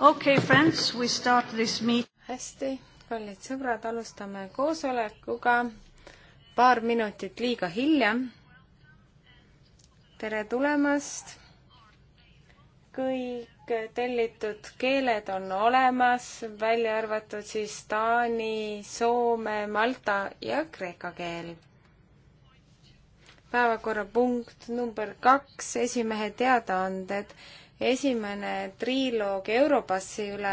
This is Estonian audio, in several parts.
okei okay,, friends, we start this meet-. hästi, kallid sõbrad, alustame koosolekuga paar minutit liiga hilja. tere tulemast. kõik tellitud keeled on olemas, välja arvatud siis taani, soome, malta ja kreeka keel. päevakorrapunkt number kaks, esimehe teadaanded esimene triloog Europassi üle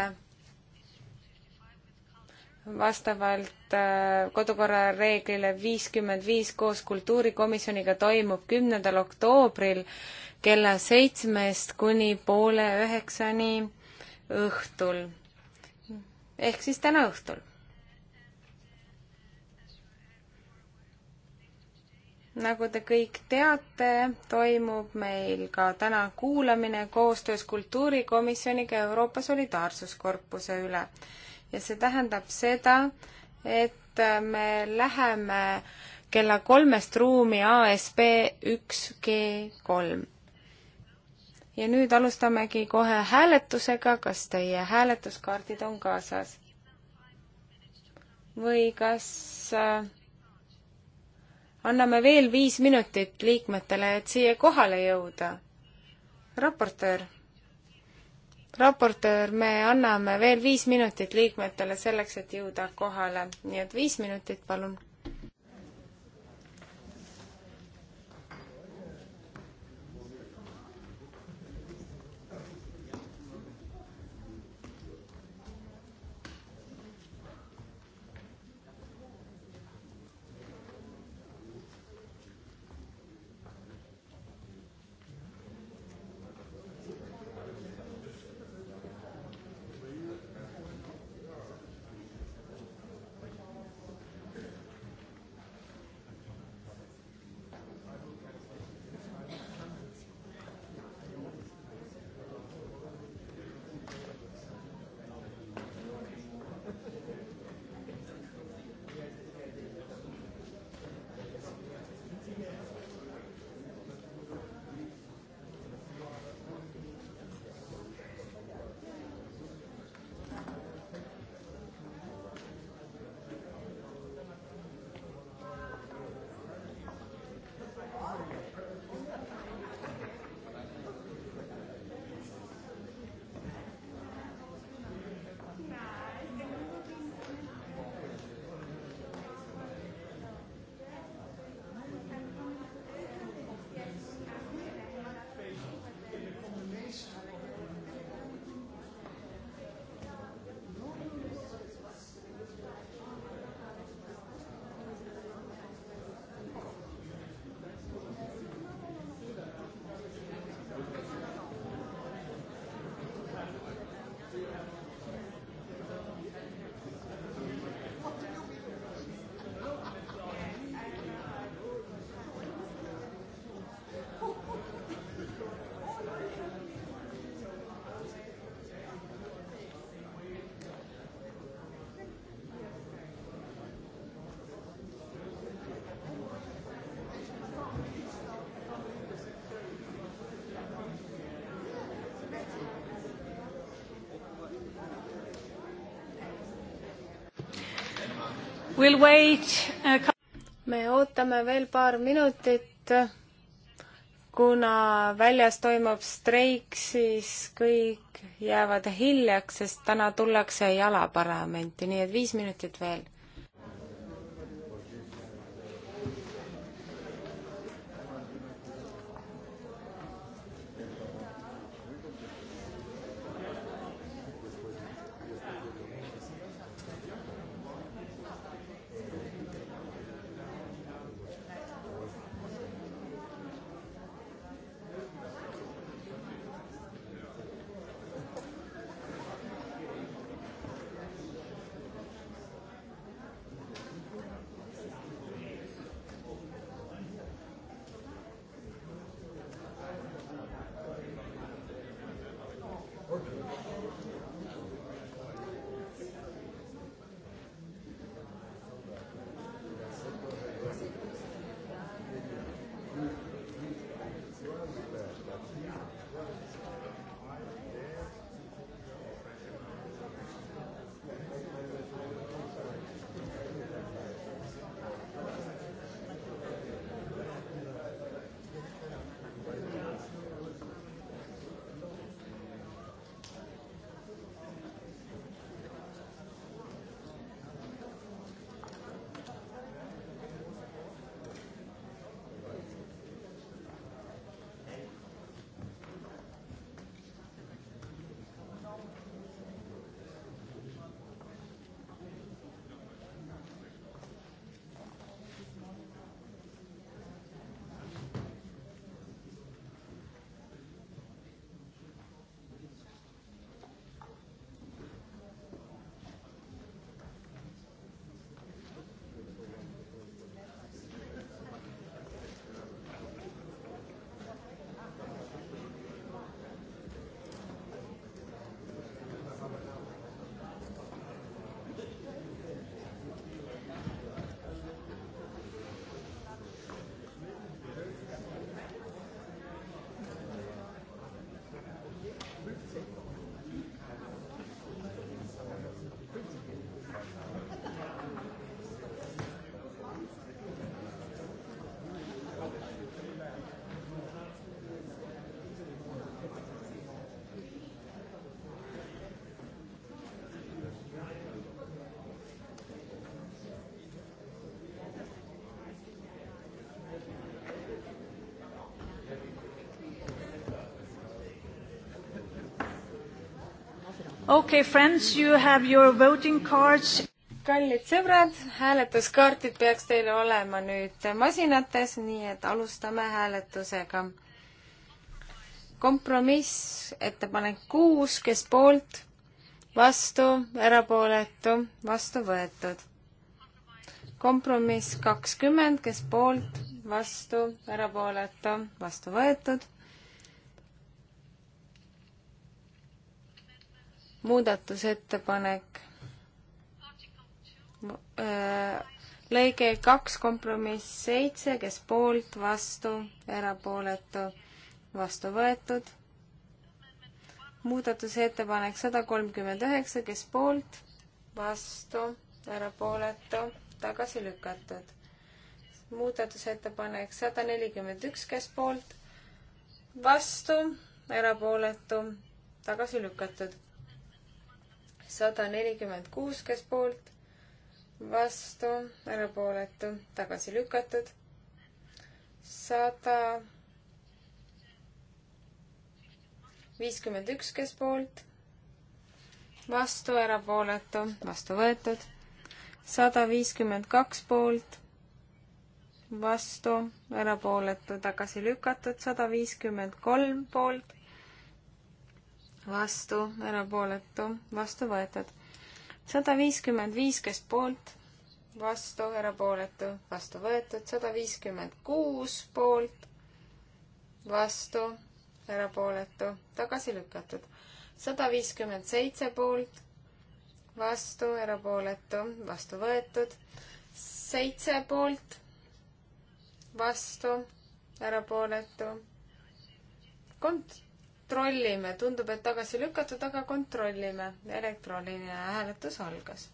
vastavalt äh, kodukorra reeglile viiskümmend viis koos kultuurikomisjoniga toimub kümnendal oktoobril kella seitsmest kuni poole üheksani õhtul. ehk siis täna õhtul nagu te kõik teate, toimub meil ka täna kuulamine koostöös Kultuurikomisjoniga Euroopa Solidaarsuskorpuse üle. ja see tähendab seda, et me läheme kella kolmest ruumi ASB üks G kolm. ja nüüd alustamegi kohe hääletusega, kas teie hääletuskaardid on kaasas? või kas äh, anname veel viis minutit liikmetele, et siia kohale jõuda. raportöör, raportöör, me anname veel viis minutit liikmetele selleks, et jõuda kohale, nii et viis minutit, palun We'll wait a... me ootame veel paar minutit, kuna väljas toimub streik, siis kõik jäävad hiljaks, sest täna tullakse jala parlamenti, nii et viis minutit veel okei okay,, friends, you have your voting cards. kallid sõbrad, hääletuskaardid peaks teil olema nüüd masinates, nii et alustame hääletusega. kompromiss, ettepanek kuus, kes poolt, vastu, erapooletu, vastu võetud. kompromiss kakskümmend, kes poolt, vastu, erapooletu, vastu võetud muudatusettepanek äh, lõige kaks, kompromiss seitse, kes poolt, vastu, erapooletu, vastu võetud. muudatusettepanek sada kolmkümmend üheksa, kes poolt, vastu, erapooletu, tagasi lükatud. muudatusettepanek sada nelikümmend üks, kes poolt, vastu, erapooletu, tagasi lükatud sada nelikümmend kuus, kes poolt, vastu, erapooletu, tagasi lükatud. sada viiskümmend üks, kes poolt, vastu, erapooletu, vastu võetud. sada viiskümmend kaks poolt, vastu, erapooletu, tagasi lükatud, sada viiskümmend kolm poolt vastu, erapooletu, vastu võetud. sada viiskümmend viis, kes poolt, vastu, erapooletu, vastu võetud, sada viiskümmend kuus poolt, vastu, erapooletu, tagasi lükatud. sada viiskümmend seitse poolt, vastu, erapooletu, vastu võetud, seitse poolt, vastu, erapooletu, kont-, kontrollime, tundub, et tagasi lükatud, aga kontrollime. elektrooniline hääletus algas.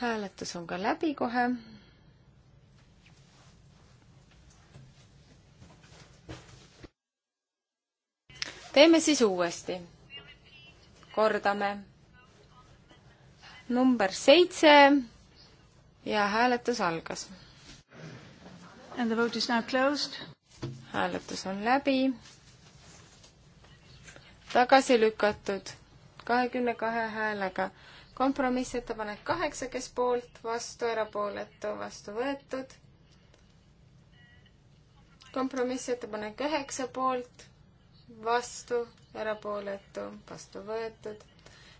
hääletus on ka läbi kohe. teeme siis uuesti. kordame. number seitse ja hääletus algas. And the vote is now closed hääletus on läbi. tagasi lükatud kahekümne kahe häälega. kompromissettepanek kaheksa, kes poolt, vastu, erapooletu, vastu võetud. kompromissettepanek üheksa poolt, vastu, erapooletu, vastu võetud.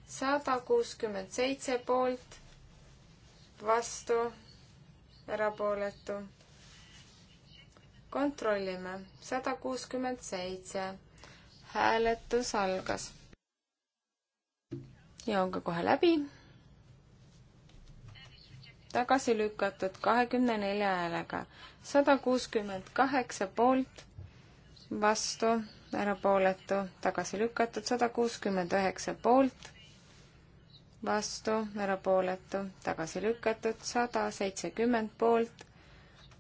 sada kuuskümmend seitse poolt, vastu, erapooletu kontrollime. sada kuuskümmend seitse. hääletus algas. ja on ka kohe läbi. tagasi lükatud kahekümne nelja häälega. sada kuuskümmend kaheksa poolt, vastu, erapooletu, tagasi lükatud, sada kuuskümmend üheksa poolt vastu, erapooletu, tagasi lükatud, sada seitsekümmend poolt,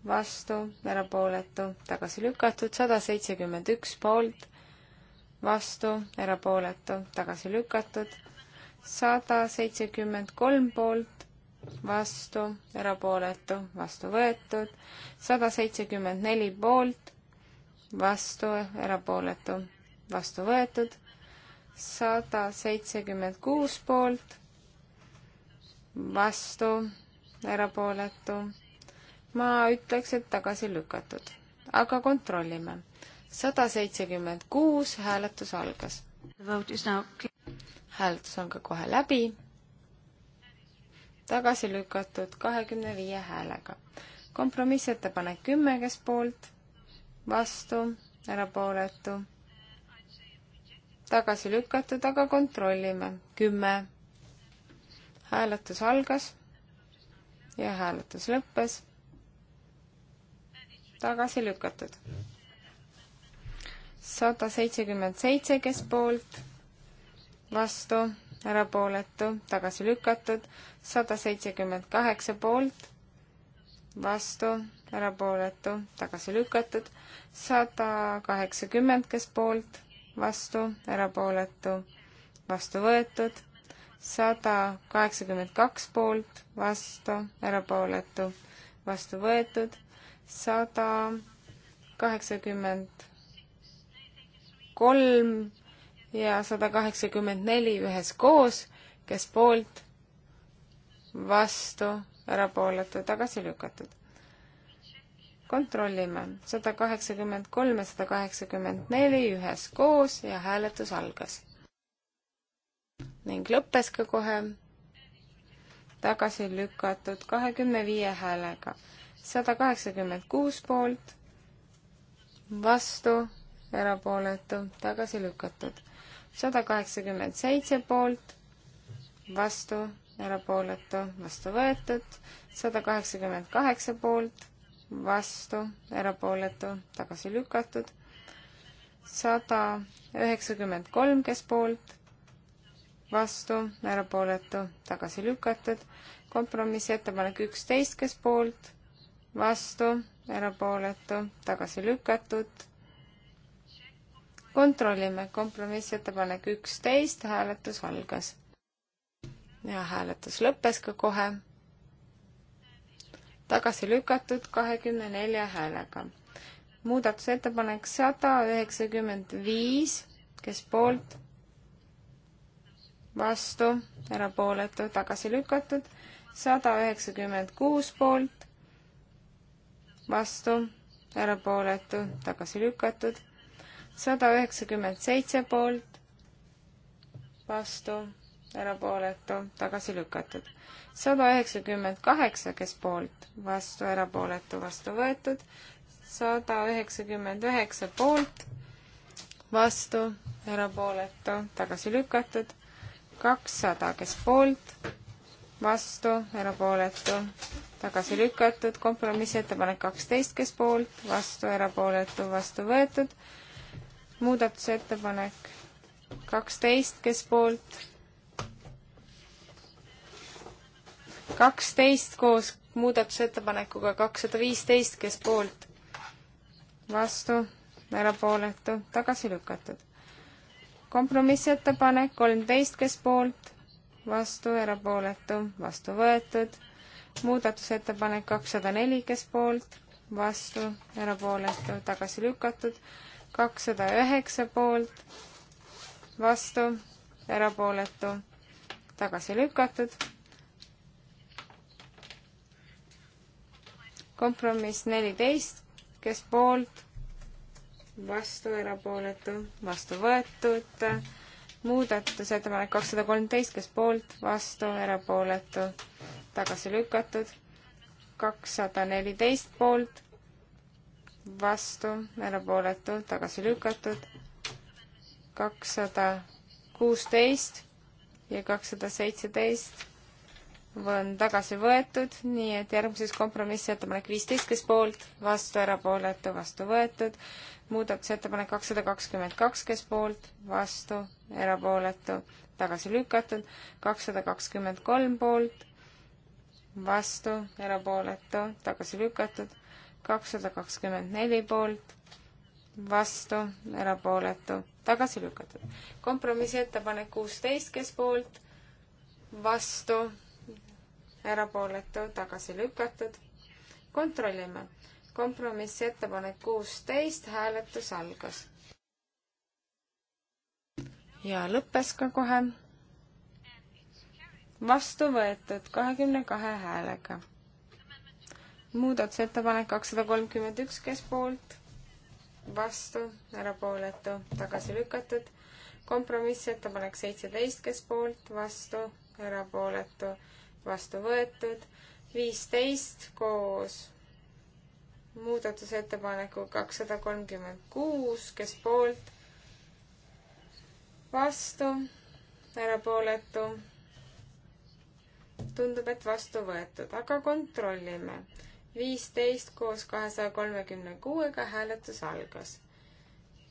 vastu, erapooletu, tagasi lükatud, sada seitsekümmend üks poolt, vastu, erapooletu, tagasi lükatud, sada seitsekümmend kolm poolt, vastu, erapooletu, vastu võetud, sada seitsekümmend neli poolt, vastu, erapooletu, vastu võetud, sada seitsekümmend kuus poolt, vastu, erapooletu, ma ütleks, et tagasi lükatud, aga kontrollime. sada seitsekümmend kuus hääletus algas. hääletus on ka kohe läbi. tagasi lükatud kahekümne viie häälega. kompromissettepanek kümme, kes poolt, vastu, erapooletu, tagasi lükatud, aga kontrollime. kümme. hääletus algas ja hääletus lõppes tagasi lükatud. sada seitsekümmend seitse, kes poolt, vastu, erapooletu, tagasi lükatud, sada seitsekümmend kaheksa poolt, vastu, erapooletu, tagasi lükatud, sada kaheksakümmend, kes poolt, vastu, erapooletu, vastu võetud, sada kaheksakümmend kaks poolt, vastu, erapooletu, vastu võetud, sada kaheksakümmend kolm ja sada kaheksakümmend neli üheskoos, kes poolt, vastu, erapooletu, tagasi lükatud. kontrollime, sada kaheksakümmend kolm ja sada kaheksakümmend neli üheskoos ja hääletus algas. ning lõppes ka kohe tagasi lükatud kahekümne viie häälega sada kaheksakümmend kuus poolt, vastu, erapooletu, tagasi lükatud. sada kaheksakümmend seitse poolt, vastu, erapooletu, vastu võetud, sada kaheksakümmend kaheksa poolt, vastu, erapooletu, tagasi lükatud, sada üheksakümmend kolm, kes poolt, vastu, erapooletu, tagasi lükatud, kompromissettepanek üksteist, kes poolt vastu, erapooletu, tagasi lükatud. kontrollime, kompromissettepanek üksteist, hääletus algas. ja hääletus lõppes ka kohe. tagasi lükatud kahekümne nelja häälega. muudatusettepanek sada üheksakümmend viis, kes poolt? vastu, erapooletu, tagasi lükatud, sada üheksakümmend kuus poolt, vastu, erapooletu, tagasi lükatud. sada üheksakümmend seitse poolt, vastu, erapooletu, tagasi lükatud. sada üheksakümmend kaheksa, kes poolt, vastu, erapooletu, vastu võetud. sada üheksakümmend üheksa poolt, vastu, erapooletu, tagasi lükatud. kakssada, kes poolt vastu, erapooletu, tagasi lükatud, kompromissettepanek kaksteist, kes poolt, vastu, erapooletu, vastu võetud, muudatusettepanek kaksteist, kes poolt, kaksteist koos muudatusettepanekuga kakssada viisteist, kes poolt, vastu, erapooletu, tagasi lükatud. kompromissettepanek kolmteist, kes poolt, vastu, erapooletu, vastu võetud. muudatusettepanek kakssada neli, kes poolt, vastu, erapooletu, tagasi lükatud. kakssada üheksa poolt, vastu, erapooletu, tagasi lükatud. kompromiss neliteist, kes poolt, vastu, erapooletu, vastu võetud muudatusettepanek kakssada kolmteist, kes poolt, vastu, erapooletu, tagasi lükatud. kakssada neliteist poolt, vastu, erapooletu, tagasi lükatud. kakssada kuusteist ja kakssada seitseteist on tagasi võetud, nii et järgmises kompromissettepanek viisteist, kes poolt, vastu, erapooletu, vastu võetud. muudatusettepanek kakssada kakskümmend kaks, kes poolt, vastu, erapooletu, tagasi lükatud. kakssada kakskümmend kolm poolt, vastu, erapooletu, tagasi lükatud. kakssada kakskümmend neli poolt, vastu, erapooletu, tagasi lükatud. kompromissettepanek kuusteist, kes poolt, vastu, erapooletu, tagasi lükatud. kontrollime. kompromissettepanek kuusteist, hääletus algas. ja lõppes ka kohe. vastu võetud kahekümne kahe häälega. muudatusettepanek kakssada kolmkümmend üks, kes poolt? vastu, erapooletu, tagasi lükatud. kompromissettepanek seitseteist, kes poolt, vastu, erapooletu vastu võetud, viisteist koos muudatusettepaneku kakssada kolmkümmend kuus, kes poolt, vastu, erapooletu. tundub, et vastu võetud, aga kontrollime. viisteist koos kahesaja kolmekümne kuuega hääletus algas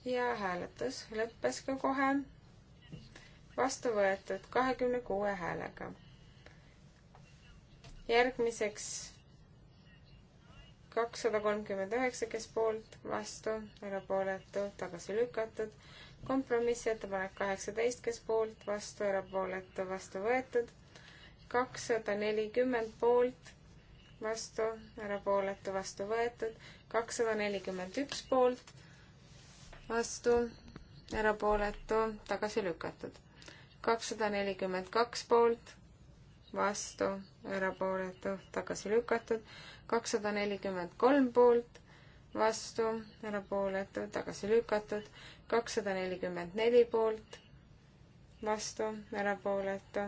ja hääletus lõppes ka kohe vastu võetud kahekümne kuue häälega järgmiseks kakssada kolmkümmend üheksa, kes poolt, vastu, erapooletu, tagasi lükatud. kompromissettepanek kaheksateist, kes poolt, vastu, erapooletu, vastu võetud. kakssada nelikümmend poolt, vastu, erapooletu, vastu võetud. kakssada nelikümmend üks poolt, vastu, erapooletu, tagasi lükatud. kakssada nelikümmend kaks poolt vastu, erapooletu, tagasi lükatud, kakssada nelikümmend kolm poolt, vastu, erapooletu, tagasi lükatud, kakssada nelikümmend neli poolt, vastu, erapooletu,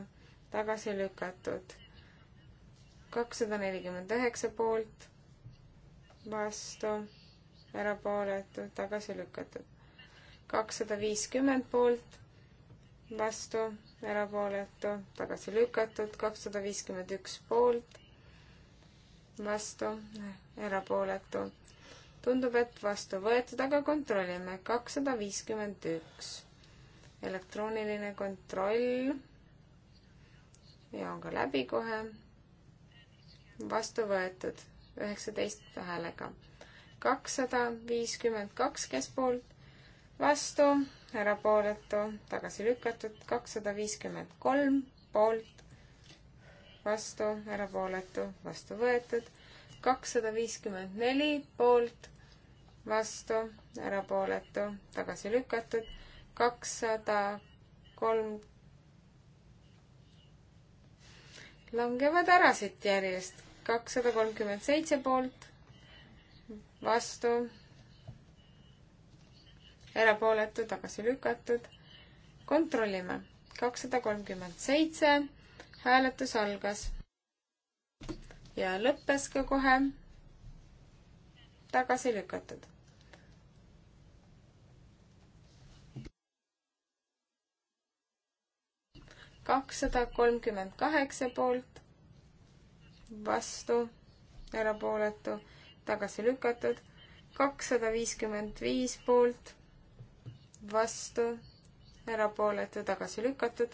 tagasi lükatud, kakssada nelikümmend üheksa poolt, vastu, erapooletu, tagasi lükatud, kakssada viiskümmend poolt, vastu, erapooletu, tagasi lükatud, kakssada viiskümmend üks poolt, vastu, erapooletu. tundub, et vastu võetud, aga kontrollime, kakssada viiskümmend üks. elektrooniline kontroll ja on ka läbi kohe. vastu võetud, üheksateist häälega. kakssada viiskümmend kaks keskpoolt, vastu erapooletu, tagasi lükatud, kakssada viiskümmend kolm poolt, vastu, erapooletu, vastu võetud, kakssada viiskümmend neli poolt, vastu, erapooletu, tagasi lükatud, kakssada kolm langevad ära siit järjest, kakssada kolmkümmend seitse poolt, vastu, erapooletu, tagasi lükatud. kontrollime. kakssada kolmkümmend seitse, hääletus algas. ja lõppes ka kohe. tagasi lükatud. kakssada kolmkümmend kaheksa poolt, vastu, erapooletu, tagasi lükatud, kakssada viiskümmend viis poolt, vastu, erapooletu, tagasi lükatud.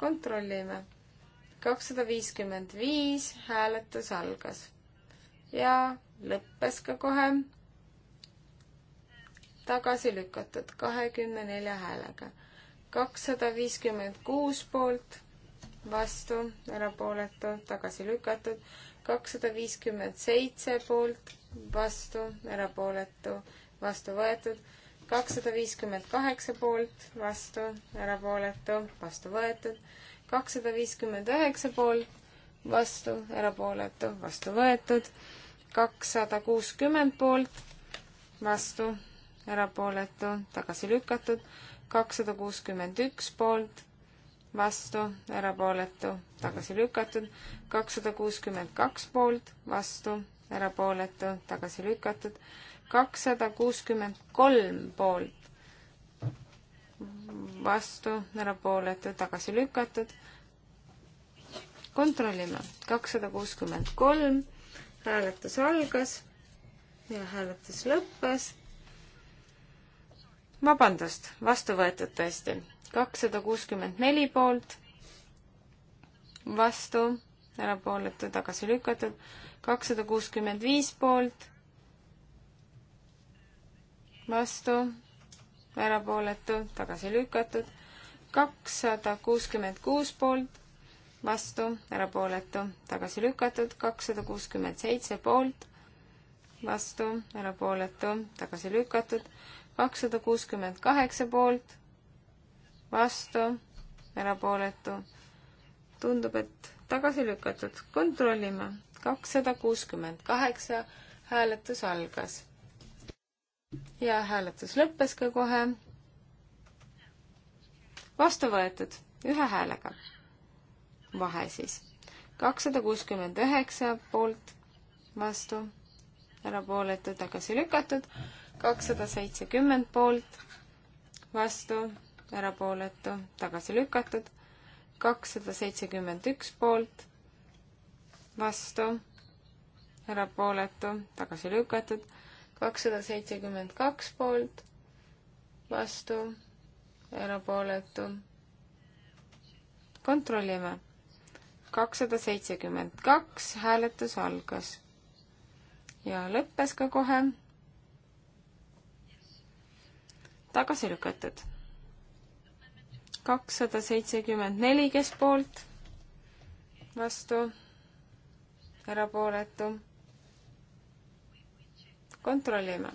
kontrollime. kakssada viiskümmend viis hääletus algas ja lõppes ka kohe tagasi lükatud kahekümne nelja häälega. kakssada viiskümmend kuus poolt, vastu, erapooletu, tagasi lükatud, kakssada viiskümmend seitse poolt, vastu, erapooletu, vastu võetud kakssada viiskümmend kaheksa poolt, vastu, erapooletu, vastu võetud. kakssada viiskümmend üheksa poolt, vastu, erapooletu, vastu võetud. kakssada kuuskümmend poolt, vastu, erapooletu, tagasi lükatud. kakssada kuuskümmend üks poolt, vastu, erapooletu, tagasi lükatud. kakssada kuuskümmend kaks poolt, vastu, erapooletu, tagasi lükatud kakssada kuuskümmend kolm poolt, vastu, erapooletu, tagasi lükatud. kontrollime, kakssada kuuskümmend kolm, hääletus algas ja hääletus lõppes. vabandust, vastu võetud tõesti, kakssada kuuskümmend neli poolt, vastu, erapooletu, tagasi lükatud, kakssada kuuskümmend viis poolt vastu, erapooletu, tagasi lükatud, kakssada kuuskümmend kuus poolt, vastu, erapooletu, tagasi lükatud, kakssada kuuskümmend seitse poolt, vastu, erapooletu, tagasi lükatud, kakssada kuuskümmend kaheksa poolt, vastu, erapooletu. tundub, et tagasi lükatud, kontrollime. kakssada kuuskümmend kaheksa hääletus algas ja hääletus lõppes ka kohe. vastu võetud ühe häälega. vahe siis kakssada kuuskümmend üheksa poolt, vastu, erapooletu, tagasi lükatud, kakssada seitsekümmend poolt, vastu, erapooletu, tagasi lükatud, kakssada seitsekümmend üks poolt, vastu, erapooletu, tagasi lükatud kakssada seitsekümmend kaks poolt, vastu, erapooletu. kontrollime. kakssada seitsekümmend kaks, hääletus algas ja lõppes ka kohe. tagasi lükatud. kakssada seitsekümmend neli keskpoolt, vastu, erapooletu kontrollime.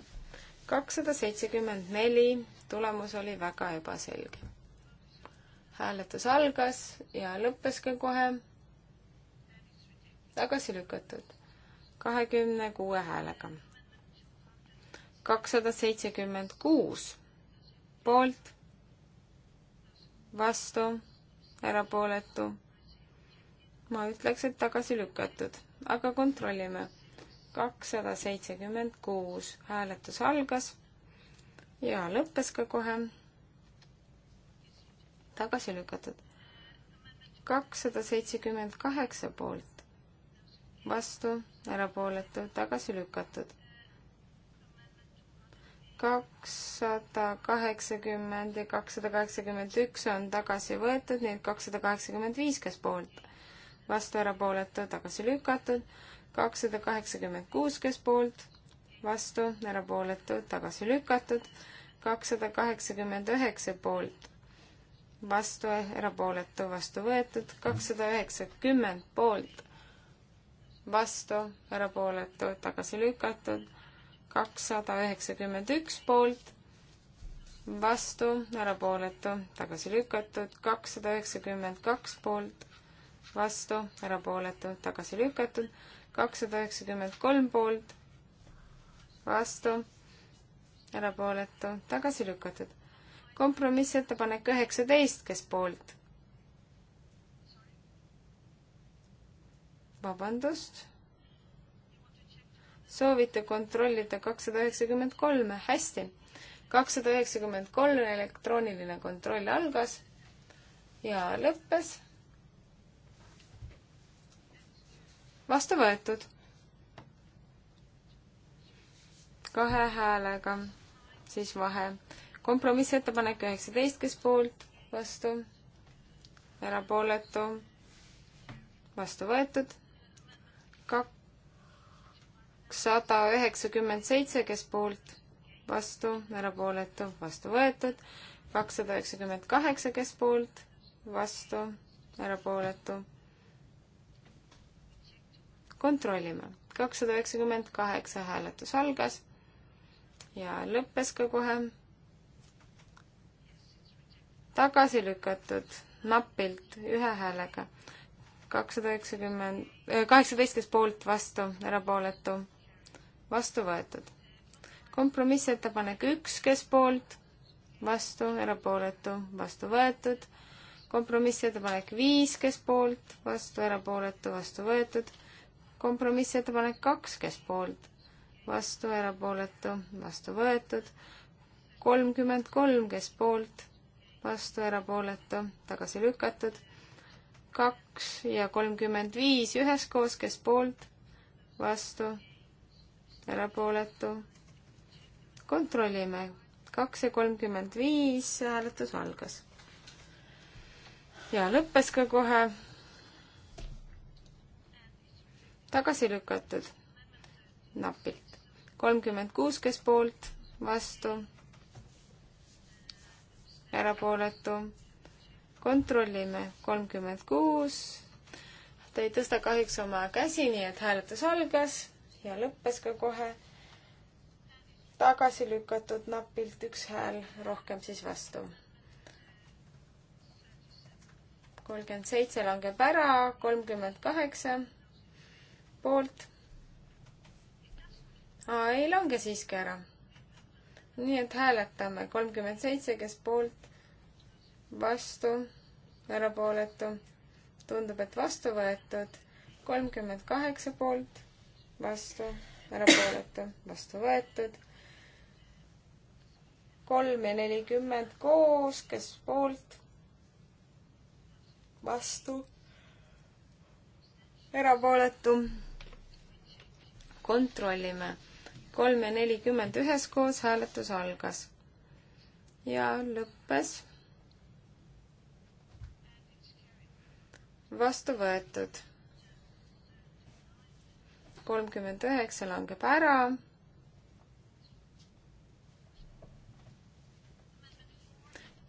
kakssada seitsekümmend neli, tulemus oli väga ebaselge. hääletus algas ja lõppeski kohe tagasi lükatud kahekümne kuue häälega. kakssada seitsekümmend kuus poolt, vastu, erapooletu. ma ütleks, et tagasi lükatud, aga kontrollime kakssada seitsekümmend kuus. hääletus algas ja lõppes ka kohe. tagasi lükatud. kakssada seitsekümmend kaheksa poolt, vastu, erapooletu, tagasi lükatud. kakssada kaheksakümmend ja kakssada kaheksakümmend üks on tagasi võetud, nii et kakssada kaheksakümmend viis, kes poolt, vastu, erapooletu, tagasi lükatud kakssada kaheksakümmend kuus, kes poolt, vastu, erapooletud, tagasi lükatud, kakssada kaheksakümmend üheksa poolt, vastu, erapooletu, vastu võetud, kakssada üheksakümmend poolt, vastu, erapooletu, tagasi lükatud, kakssada üheksakümmend üks poolt, vastu, erapooletu, tagasi lükatud, kakssada üheksakümmend kaks poolt, vastu, erapooletu, tagasi lükatud, kakssada üheksakümmend kolm poolt, vastu, erapooletu, tagasi lükatud. kompromissettepanek üheksateist, kes poolt? vabandust soovite kontrollida kakssada üheksakümmend kolme, hästi. kakssada üheksakümmend kolm elektrooniline kontroll algas ja lõppes. vastu võetud. kahe häälega siis vahe. kompromissettepanek üheksateist, kes poolt, vastu, erapooletu, vastu võetud. kakssada üheksakümmend seitse, kes poolt, vastu, erapooletu, vastu võetud. kakssada üheksakümmend kaheksa, kes poolt, vastu, erapooletu kontrollime. kakssada üheksakümmend kaheksa hääletus algas ja lõppes ka kohe. tagasi lükatud napilt ühe häälega. kakssada üheksakümmend, äh, kaheksateist, kes poolt, vastu, erapooletu, vastu võetud. kompromissettepanek üks, kes poolt, vastu, erapooletu, vastu võetud kompromissettepanek viis, kes poolt, vastu, erapooletu, vastu võetud kompromissettepanek kaks, kes poolt, vastu, erapooletu, vastu võetud. kolmkümmend kolm, kes poolt, vastu, erapooletu, tagasi lükatud. kaks ja kolmkümmend viis üheskoos, kes poolt, vastu, erapooletu. kontrollime, kaks ja kolmkümmend viis hääletus algas. ja lõppes ka kohe tagasi lükatud napilt. kolmkümmend kuus, kes poolt, vastu, erapooletu. kontrollime, kolmkümmend kuus. Te ei tõsta kahjuks oma käsi, nii et hääletus algas ja lõppes ka kohe. tagasi lükatud napilt üks hääl rohkem siis vastu kolmkümmend seitse langeb ära, kolmkümmend kaheksa poolt. ei lange siiski ära. nii et hääletame kolmkümmend seitse, kes poolt, vastu, erapooletu. tundub, et vastu võetud. kolmkümmend kaheksa poolt, vastu, erapooletu, vastu võetud. kolm ja nelikümmend koos, kes poolt, vastu erapooletu kontrollime. kolm ja nelikümmend üheskoos hääletus algas ja lõppes. vastu võetud. kolmkümmend üheksa langeb ära.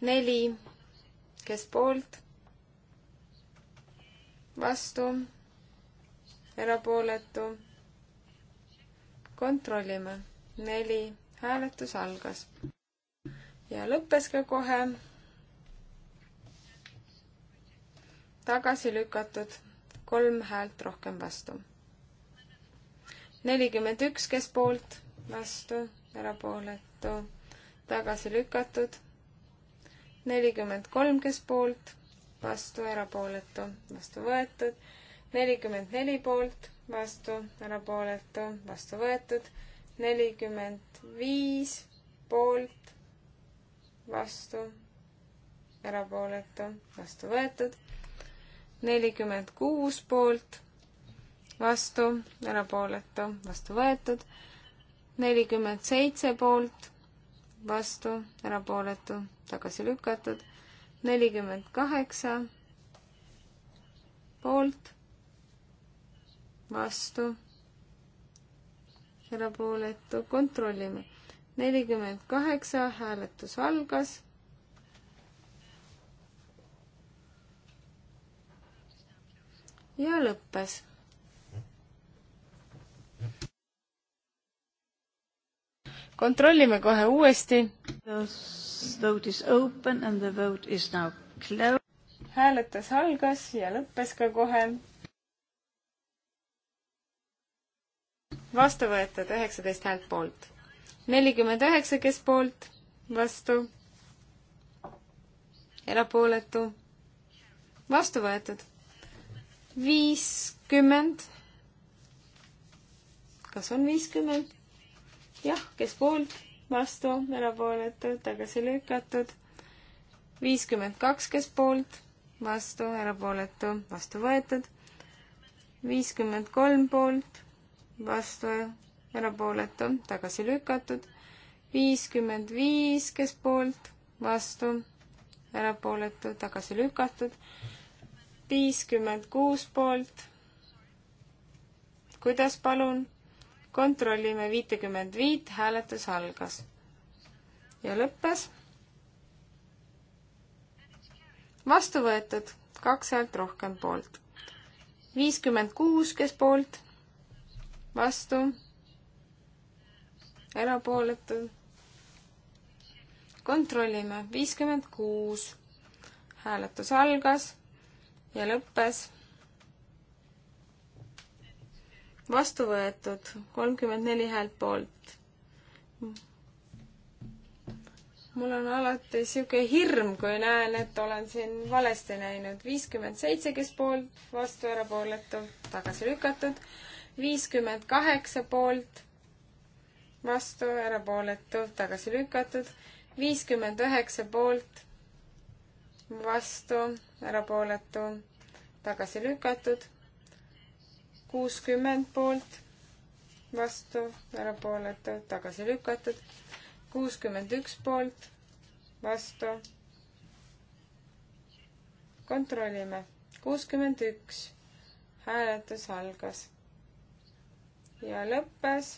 neli, kes poolt? vastu erapooletu, kontrollime. neli, hääletus algas. ja lõppes ka kohe. tagasi lükatud, kolm häält rohkem vastu. nelikümmend üks, kes poolt, vastu, erapooletu, tagasi lükatud. nelikümmend kolm, kes poolt, vastu, erapooletu, vastu võetud. nelikümmend neli poolt vastu, erapooletu, vastu võetud, nelikümmend viis poolt, vastu, erapooletu, vastu võetud, nelikümmend kuus poolt, vastu, erapooletu, vastu võetud, nelikümmend seitse poolt, vastu, erapooletu, tagasi lükatud, nelikümmend kaheksa poolt, vastu, erapooletu, kontrollime. nelikümmend kaheksa, hääletus algas. ja lõppes. kontrollime kohe uuesti. Vote is open and the vote is now closed. hääletus algas ja lõppes ka kohe vastu võetud, üheksateist häält poolt. nelikümmend üheksa, kes poolt, vastu, erapooletu, vastu võetud. viiskümmend, kas on viiskümmend? jah, kes poolt, vastu, erapooletu, tagasi lükatud. viiskümmend kaks, kes poolt, vastu, erapooletu, vastu võetud. viiskümmend kolm poolt vastu, erapooletu, tagasi lükatud. viiskümmend viis, kes poolt, vastu, erapooletu, tagasi lükatud. viiskümmend kuus poolt. kuidas, palun? kontrollime viitekümmend viit, hääletus algas ja lõppes. vastu võetud, kaks häält rohkem poolt. viiskümmend kuus, kes poolt vastu, erapooletud. kontrollime, viiskümmend kuus. hääletus algas ja lõppes. vastu võetud kolmkümmend neli häält poolt mul on alati sihuke hirm, kui näen, et olen siin valesti näinud. viiskümmend seitse, kes poolt, vastu, erapooletu, tagasi lükatud viiskümmend kaheksa poolt, vastu, erapooletu, tagasi lükatud, viiskümmend üheksa poolt, vastu, erapooletu, tagasi lükatud, kuuskümmend poolt, vastu, erapooletu, tagasi lükatud, kuuskümmend üks poolt, vastu. kontrollime, kuuskümmend üks, hääletus algas ja lõppes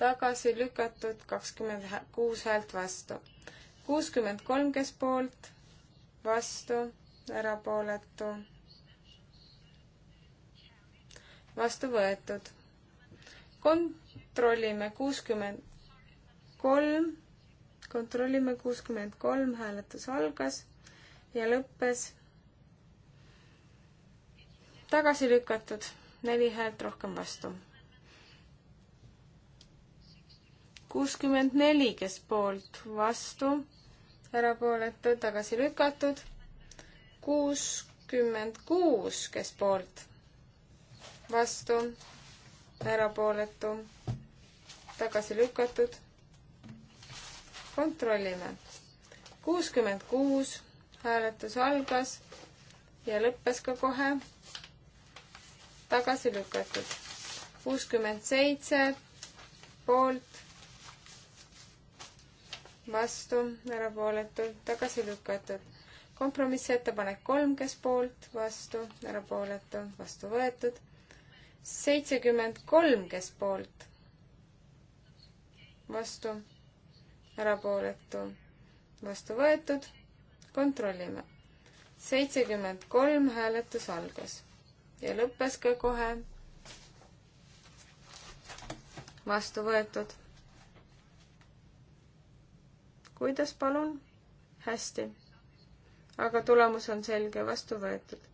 tagasi lükatud kakskümmend kuus häält vastu. kuuskümmend kolm, kes poolt, vastu, erapooletu, vastu võetud. kontrollime kuuskümmend kolm, kontrollime kuuskümmend kolm, hääletus algas ja lõppes tagasi lükatud neli häält rohkem vastu. kuuskümmend neli, kes poolt, vastu, erapooletu, tagasi lükatud. kuuskümmend kuus, kes poolt, vastu, erapooletu, tagasi lükatud. kontrollime. kuuskümmend kuus, hääletus algas ja lõppes ka kohe tagasi lükatud. kuuskümmend seitse poolt, vastu, erapooletult, tagasi lükatud. kompromissettepanek kolm, kes poolt, vastu, erapooletu, vastu võetud. seitsekümmend kolm, kes poolt, vastu, erapooletu, vastu võetud. kontrollime. seitsekümmend kolm, hääletus algas ja lõppes ka kohe. vastu võetud. kuidas, palun? hästi. aga tulemus on selge, vastu võetud.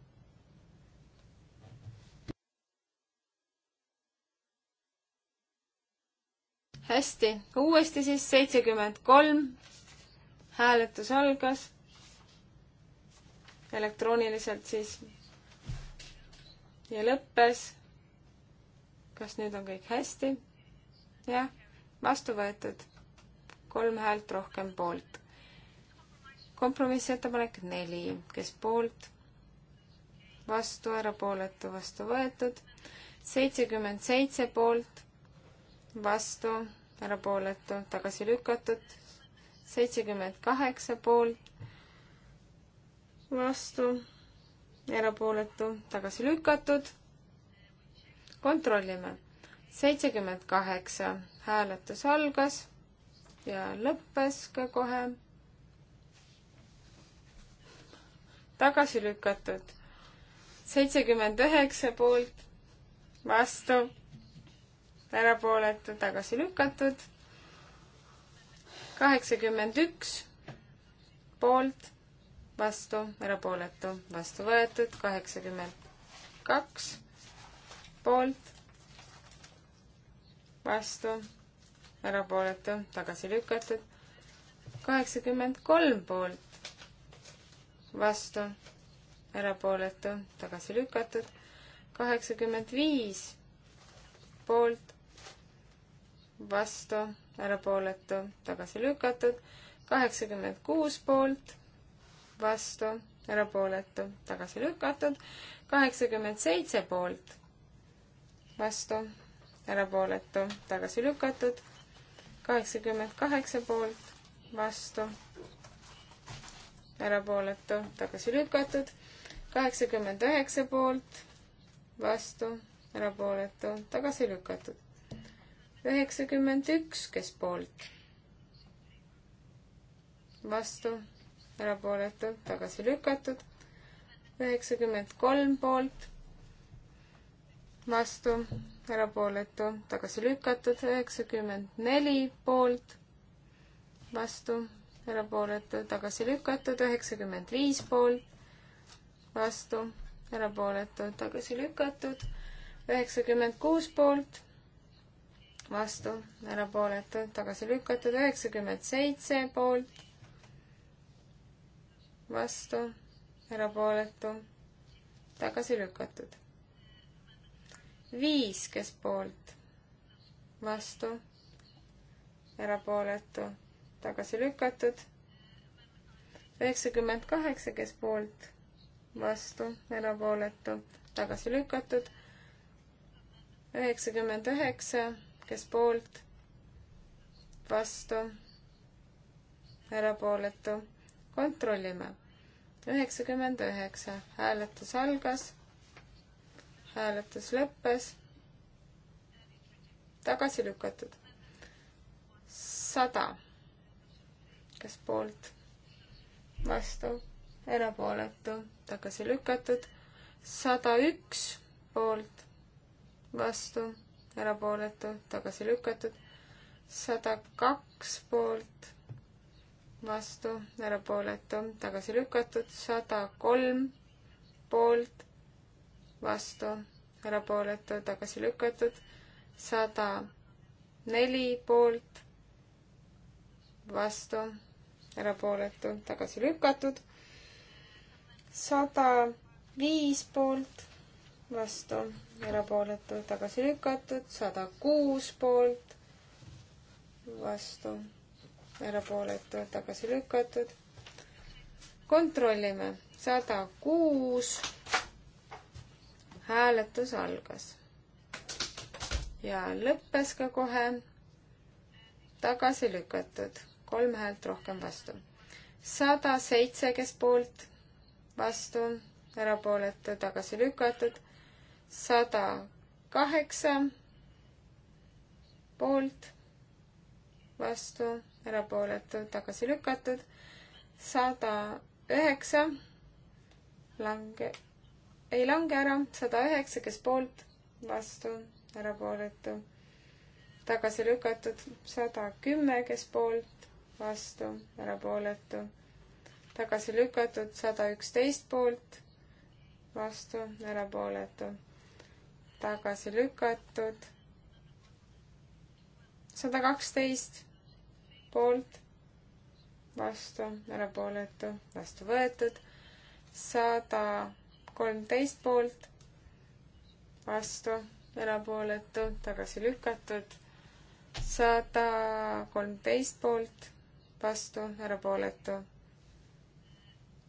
hästi, uuesti siis seitsekümmend kolm. hääletus algas. elektrooniliselt siis ja lõppes. kas nüüd on kõik hästi? jah, vastu võetud. kolm häält rohkem poolt. kompromissettepanek neli, kes poolt? vastu, erapooletu, vastu võetud. seitsekümmend seitse poolt, vastu, erapooletu, tagasi lükatud. seitsekümmend kaheksa poolt, vastu erapooletu, tagasi lükatud. kontrollime. seitsekümmend kaheksa, hääletus algas ja lõppes ka kohe. tagasi lükatud. seitsekümmend üheksa poolt, vastu, erapooletu, tagasi lükatud. kaheksakümmend üks poolt vastu, erapooletu, vastu võetud, kaheksakümmend kaks poolt, vastu, erapooletu, tagasi lükatud, kaheksakümmend kolm poolt, vastu, erapooletu, tagasi lükatud, kaheksakümmend viis poolt, vastu, erapooletu, tagasi lükatud, kaheksakümmend kuus poolt vastu, erapooletu, tagasi lükatud, kaheksakümmend seitse poolt, vastu, erapooletu, tagasi lükatud, kaheksakümmend kaheksa poolt, vastu, erapooletu, tagasi lükatud, kaheksakümmend üheksa poolt, vastu, erapooletu, tagasi lükatud. üheksakümmend üks, kes poolt, vastu erapooletud, tagasi lükatud. üheksakümmend kolm poolt, vastu, erapooletu, tagasi lükatud. üheksakümmend neli poolt, vastu, erapooletu, tagasi lükatud. üheksakümmend viis poolt, vastu, erapooletu, tagasi lükatud. üheksakümmend kuus poolt vastu, erapooletud, tagasi lükatud, üheksakümmend seitse poolt, vastu, erapooletu, tagasi lükatud. viis, kes poolt, vastu, erapooletu, tagasi lükatud. üheksakümmend kaheksa, kes poolt, vastu, erapooletu, tagasi lükatud. üheksakümmend üheksa, kes poolt, vastu, erapooletu, kontrollime üheksakümmend üheksa, hääletus algas, hääletus lõppes, tagasi lükatud. sada, kas poolt, vastu, erapooletu, tagasi lükatud, sada üks poolt, vastu, erapooletu, tagasi lükatud, sada kaks poolt vastu, erapooletu, tagasi lükatud, sada kolm poolt, vastu, erapooletu, tagasi lükatud, sada neli poolt, vastu, erapooletu, tagasi lükatud, sada viis poolt, vastu, erapooletu, tagasi lükatud, sada kuus poolt, vastu erapooletu, tagasi lükatud. kontrollime, sada kuus. hääletus algas ja lõppes ka kohe tagasi lükatud, kolm häält rohkem vastu. sada seitse, kes poolt, vastu, erapooletu, tagasi lükatud, sada kaheksa poolt, vastu, erapooletud, tagasi lükatud. sada üheksa lange, ei lange ära, sada üheksa, kes poolt, vastu, erapooletu, tagasi lükatud, sada kümme, kes poolt, vastu, erapooletu, tagasi lükatud, sada üksteist poolt, vastu, erapooletu, tagasi lükatud, sada kaksteist poolt, vastu, erapooletu, vastu võetud, sada kolmteist poolt, vastu, erapooletu, tagasi lükatud, sada kolmteist poolt, vastu, erapooletu,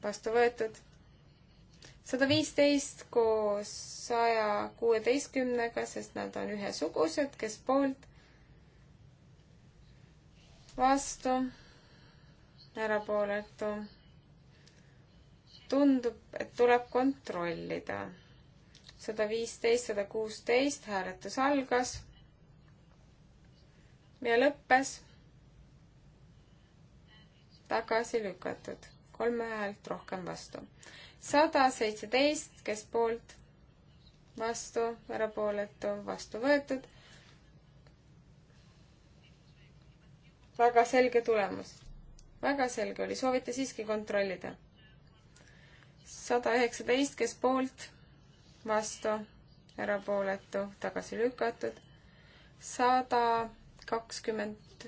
vastu võetud, sada viisteist koos saja kuueteistkümnega, sest nad on ühesugused, kes poolt vastu, erapooletu. tundub, et tuleb kontrollida. sada viisteist, sada kuusteist hääletus algas ja lõppes tagasi lükatud, kolme häält rohkem vastu. sada seitseteist, kes poolt, vastu, erapooletu, vastu võetud, väga selge tulemus. väga selge oli, soovite siiski kontrollida. sada üheksateist, kes poolt, vastu, erapooletu, tagasi lükatud. sada kakskümmend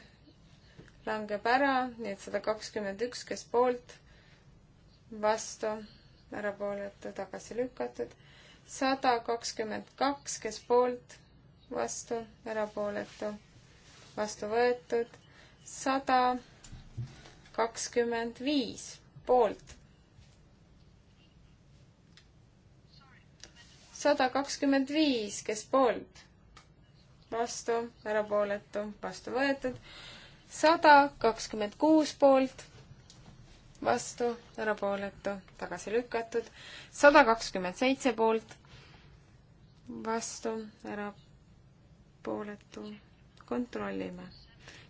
langeb ära, nii et sada kakskümmend üks, kes poolt, vastu, erapooletu, tagasi lükatud. sada kakskümmend kaks, kes poolt, vastu, erapooletu, vastu võetud sada kakskümmend viis poolt. sada kakskümmend viis, kes poolt? vastu, erapooletu, vastu võetud. sada kakskümmend kuus poolt, vastu, erapooletu, tagasi lükatud. sada kakskümmend seitse poolt, vastu, erapooletu. kontrollime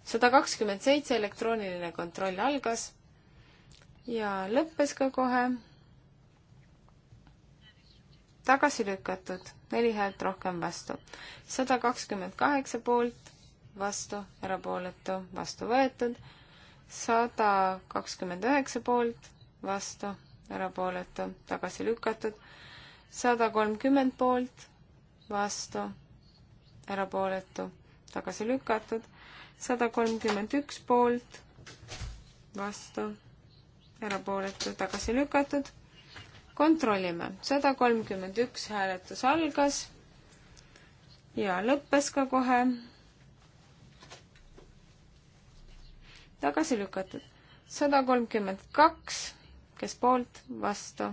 sada kakskümmend seitse elektrooniline kontroll algas ja lõppes ka kohe. tagasi lükatud, neli häält rohkem vastu. sada kakskümmend kaheksa poolt, vastu, erapooletu, vastu võetud. sada kakskümmend üheksa poolt, vastu, erapooletu, tagasi lükatud. sada kolmkümmend poolt, vastu, erapooletu, tagasi lükatud sada kolmkümmend üks poolt, vastu, erapooletu, tagasi lükatud. kontrollime, sada kolmkümmend üks hääletus algas ja lõppes ka kohe. tagasi lükatud, sada kolmkümmend kaks, kes poolt, vastu,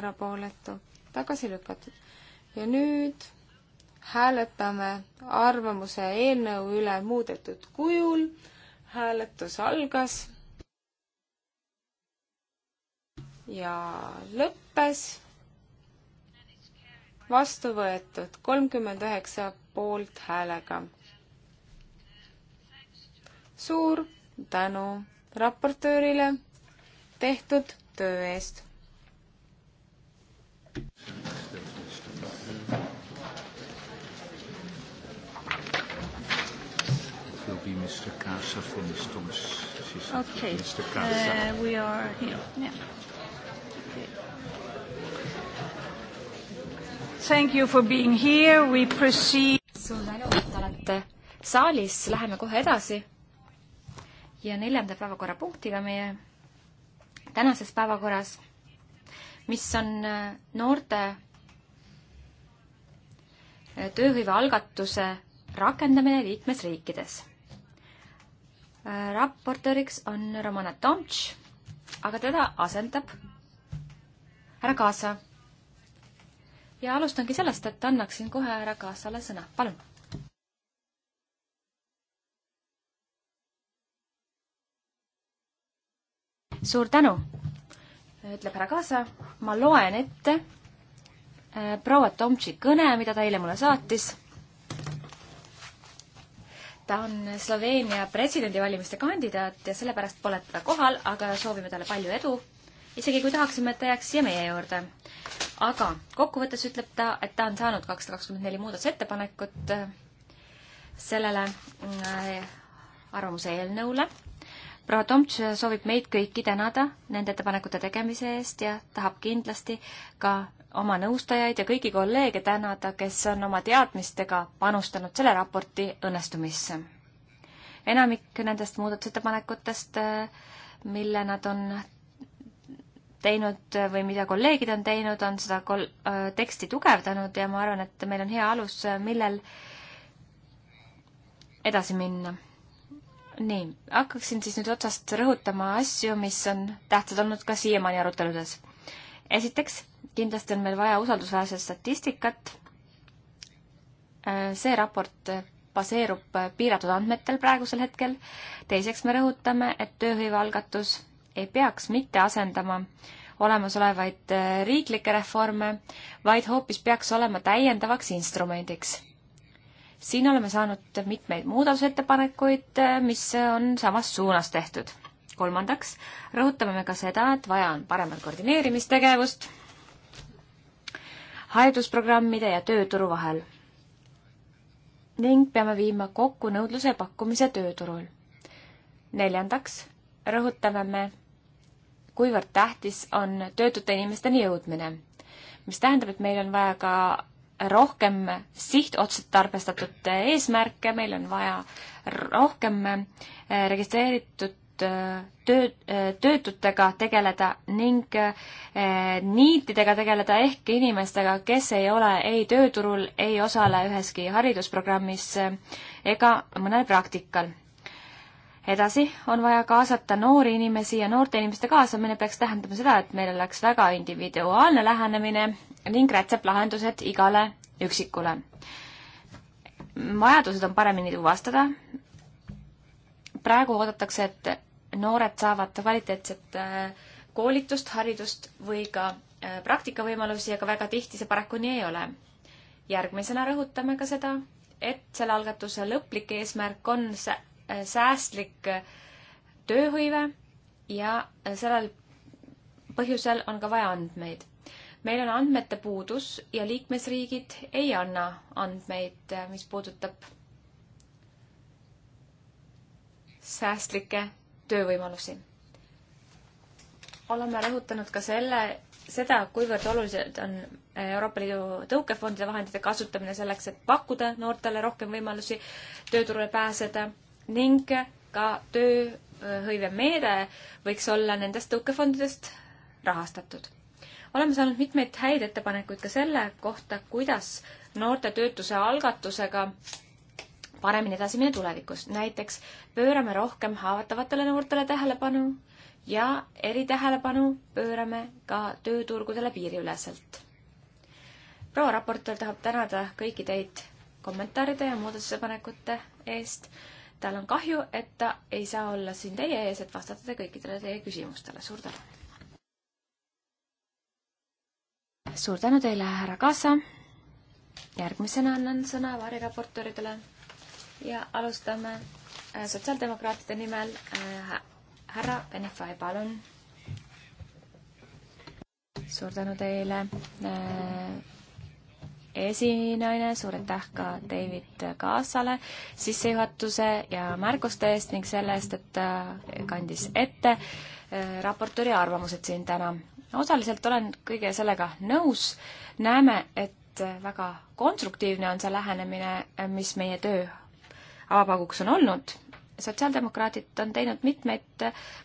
erapooletu, tagasi lükatud. ja nüüd hääletame arvamuse eelnõu üle muudetud kujul. hääletus algas ja lõppes. vastu võetud kolmkümmend üheksa poolthäälega. suur tänu raportöörile tehtud töö eest. Mr. Casa for Ms. Thomas. She's okay. Mr. Casa. Uh, we are here. Yeah. Okay. Thank you for being here. We proceed. suur tänu, et olete saalis, läheme kohe edasi. ja neljanda päevakorrapunktiga meie tänases päevakorras, mis on äh, noorte äh, tööhõive algatuse rakendamine liikmesriikides Äh, raportööriks on Romana Tomtš, aga teda asendab härra Kaasa. ja alustangi sellest, et annaksin kohe härra Kaasale sõna, palun. suur tänu, ütleb härra Kaasa, ma loen ette äh, proua Tomtši kõne, mida ta eile mulle saatis ta on Sloveenia presidendivalimiste kandidaat ja sellepärast pole teda kohal, aga soovime talle palju edu, isegi kui tahaksime, et ta jääks siia meie juurde. aga kokkuvõttes ütleb ta, et ta on saanud kakssada kakskümmend neli muudatusettepanekut äh, sellele äh, arvamuse eelnõule. proua Tomtš soovib meid kõiki tänada nende ettepanekute tegemise eest ja tahab kindlasti ka oma nõustajaid ja kõiki kolleege tänada, kes on oma teadmistega panustanud selle raporti õnnestumisse. enamik nendest muudatusettepanekutest, äh, mille nad on teinud või mida kolleegid on teinud, on seda kol-, äh, teksti tugevdanud ja ma arvan, et meil on hea alus, äh, millel edasi minna. nii, hakkaksin siis nüüd otsast rõhutama asju, mis on tähtsad olnud ka siiamaani aruteludes. esiteks kindlasti on meil vaja usaldusväärset statistikat. Äh, see raport baseerub piiratud andmetel praegusel hetkel. teiseks me rõhutame, et tööhõivealgatus ei peaks mitte asendama olemasolevaid äh, riiklikke reforme, vaid hoopis peaks olema täiendavaks instrumendiks. siin oleme saanud mitmeid muudatusettepanekuid, äh, mis on samas suunas tehtud. kolmandaks rõhutame me ka seda, et vaja on paremat koordineerimistegevust haridusprogrammide ja tööturu vahel. ning peame viima kokku nõudluse ja pakkumise tööturul. neljandaks rõhutame me, kuivõrd tähtis on töötute inimesteni jõudmine, mis tähendab, et meil on vaja ka rohkem sihtotset tarbestatud eesmärke, meil on vaja rohkem eh, registreeritud Äh, töö, äh, töötutega tegeleda ning äh, niitidega tegeleda ehk inimestega, kes ei ole ei tööturul, ei osale üheski haridusprogrammis ega mõnel praktikal. edasi on vaja kaasata noori inimesi ja noorte inimeste kaasamine peaks tähendama seda, et meil oleks väga individuaalne lähenemine ning rätseplahendused igale üksikule vajadused on paremini tuvastada, praegu oodatakse, et noored saavad kvaliteetset äh, koolitust, haridust või ka äh, praktikavõimalusi, aga väga tihti see paraku nii ei ole. järgmisena rõhutame ka seda, et selle algatuse lõplik eesmärk on äh, säästlik tööhõive ja sellel põhjusel on ka vaja andmeid. meil on andmete puudus ja liikmesriigid ei anna andmeid, mis puudutab säästlikke töövõimalusi. oleme rõhutanud ka selle, seda, kuivõrd olulised on Euroopa Liidu tõukefondide vahendite kasutamine selleks, et pakkuda noortele rohkem võimalusi tööturule pääseda ning ka tööhõivemeede võiks olla nendest tõukefondidest rahastatud. oleme saanud mitmeid häid ettepanekuid ka selle kohta, kuidas noorte töötuse algatusega äh, paremini edasi minna tulevikus. näiteks pöörame rohkem haavatavatele noortele tähelepanu ja eritähelepanu pöörame ka tööturgudele piiriüleselt. proua raportöör tahab tänada kõiki teid kommentaaride ja muudatusettepanekute eest. tal on kahju, et ta ei saa olla siin teie ees, et vastata te kõikidele teie küsimustele. suur tänu! suur tänu teile, härra Kaasa! järgmisena annan sõna variraportööridele ja alustame äh, sotsiaaldemokraatide nimel äh, härra Benefai, palun. suur tänu teile, äh, esinaine, suur aitäh ka David Kaasale sissejuhatuse ja märguste eest ning selle eest, et ta kandis ette raportööri arvamused siin täna. osaliselt olen kõige sellega nõus, näeme, et väga konstruktiivne on see lähenemine, mis meie töö avapauguks on olnud. sotsiaaldemokraadid on teinud mitmeid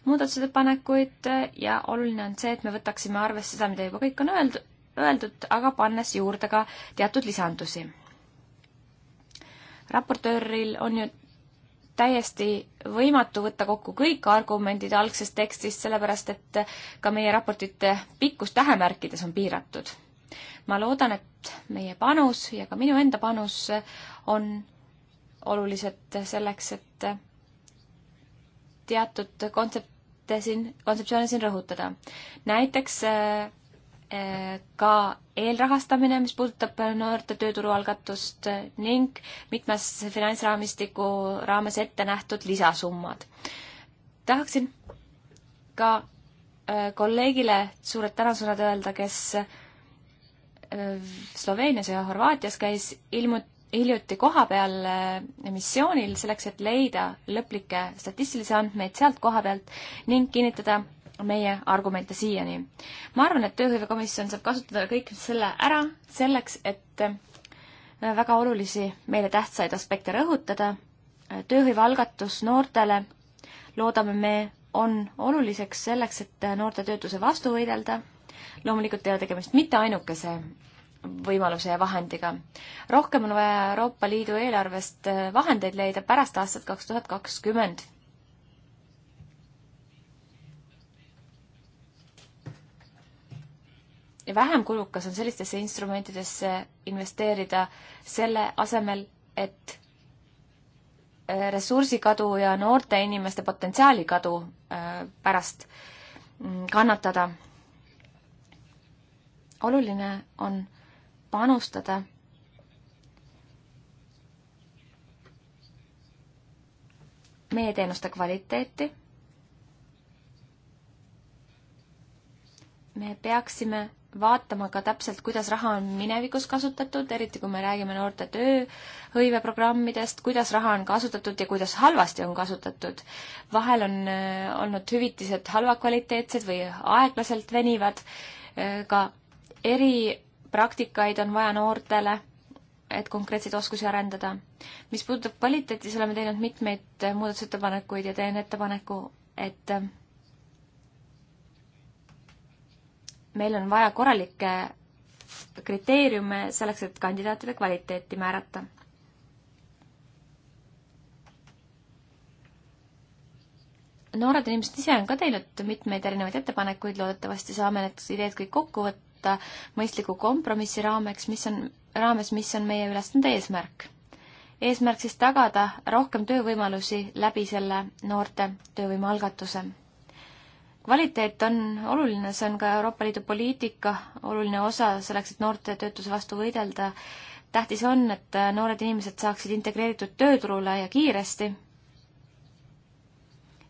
muudatusettepanekuid ja oluline on see, et me võtaksime arvesse seda, mida juba kõik on öeldud, öeldud, aga pannes juurde ka teatud lisandusi. raportööril on ju täiesti võimatu võtta kokku kõik argumendid algsest tekstist, sellepärast et ka meie raportite pikkus tähemärkides on piiratud. ma loodan, et meie panus ja ka minu enda panus on olulised selleks, et teatud kontsepte siin, kontseptsioone siin rõhutada. näiteks äh, äh, ka eelrahastamine, mis puudutab noorte tööturualgatust ning mitmes finantsraamistiku raames ette nähtud lisasummad. tahaksin ka äh, kolleegile suured tänusõnad öelda, kes Sloveenias ja Horvaatias käis, ilmut-, hiljuti kohapeal eh, missioonil selleks, et leida lõplikke statistilisi andmeid sealt koha pealt ning kinnitada meie argumente siiani. ma arvan, et Tööhõivekomisjon saab kasutada kõik selle ära selleks, et eh, väga olulisi, meile tähtsaid aspekte rõhutada. Eh, tööhõive algatus noortele, loodame me, on oluliseks selleks, et noorte töötuse vastu võidelda. loomulikult ei ole tegemist mitte ainukese võimaluse ja vahendiga. rohkem on vaja Euroopa Liidu eelarvest äh, vahendeid leida pärast aastat kaks tuhat kakskümmend. ja vähem kulukas on sellistesse instrumentidesse investeerida selle asemel, et äh, ressursikadu ja noorte inimeste potentsiaali kadu äh, pärast mm, kannatada. oluline on panustada meie teenuste kvaliteeti. me peaksime vaatama ka täpselt, kuidas raha on minevikus kasutatud, eriti kui me räägime noorte tööhõiveprogrammidest, kuidas raha on kasutatud ja kuidas halvasti on kasutatud. vahel on äh, olnud hüvitised halvakvaliteetsed või aeglaselt venivad, äh, ka eri praktikaid on vaja noortele, et konkreetseid oskusi arendada. mis puudutab kvaliteeti, siis oleme teinud mitmeid muudatusettepanekuid ja teen ettepaneku, et meil on vaja korralikke kriteeriume selleks, et kandidaatide kvaliteeti määrata noored inimesed ise on ka teinud mitmeid erinevaid ettepanekuid, loodetavasti saame need ideed kõik kokku võtta võtta mõistliku kompromissi raameks, mis on, raames, mis on meie ülesande eesmärk. eesmärk siis tagada rohkem töövõimalusi läbi selle noorte töövõime algatuse. kvaliteet on oluline, see on ka Euroopa Liidu poliitika oluline osa selleks, et noorte töötuse vastu võidelda. tähtis on, et noored inimesed saaksid integreeritud tööturule ja kiiresti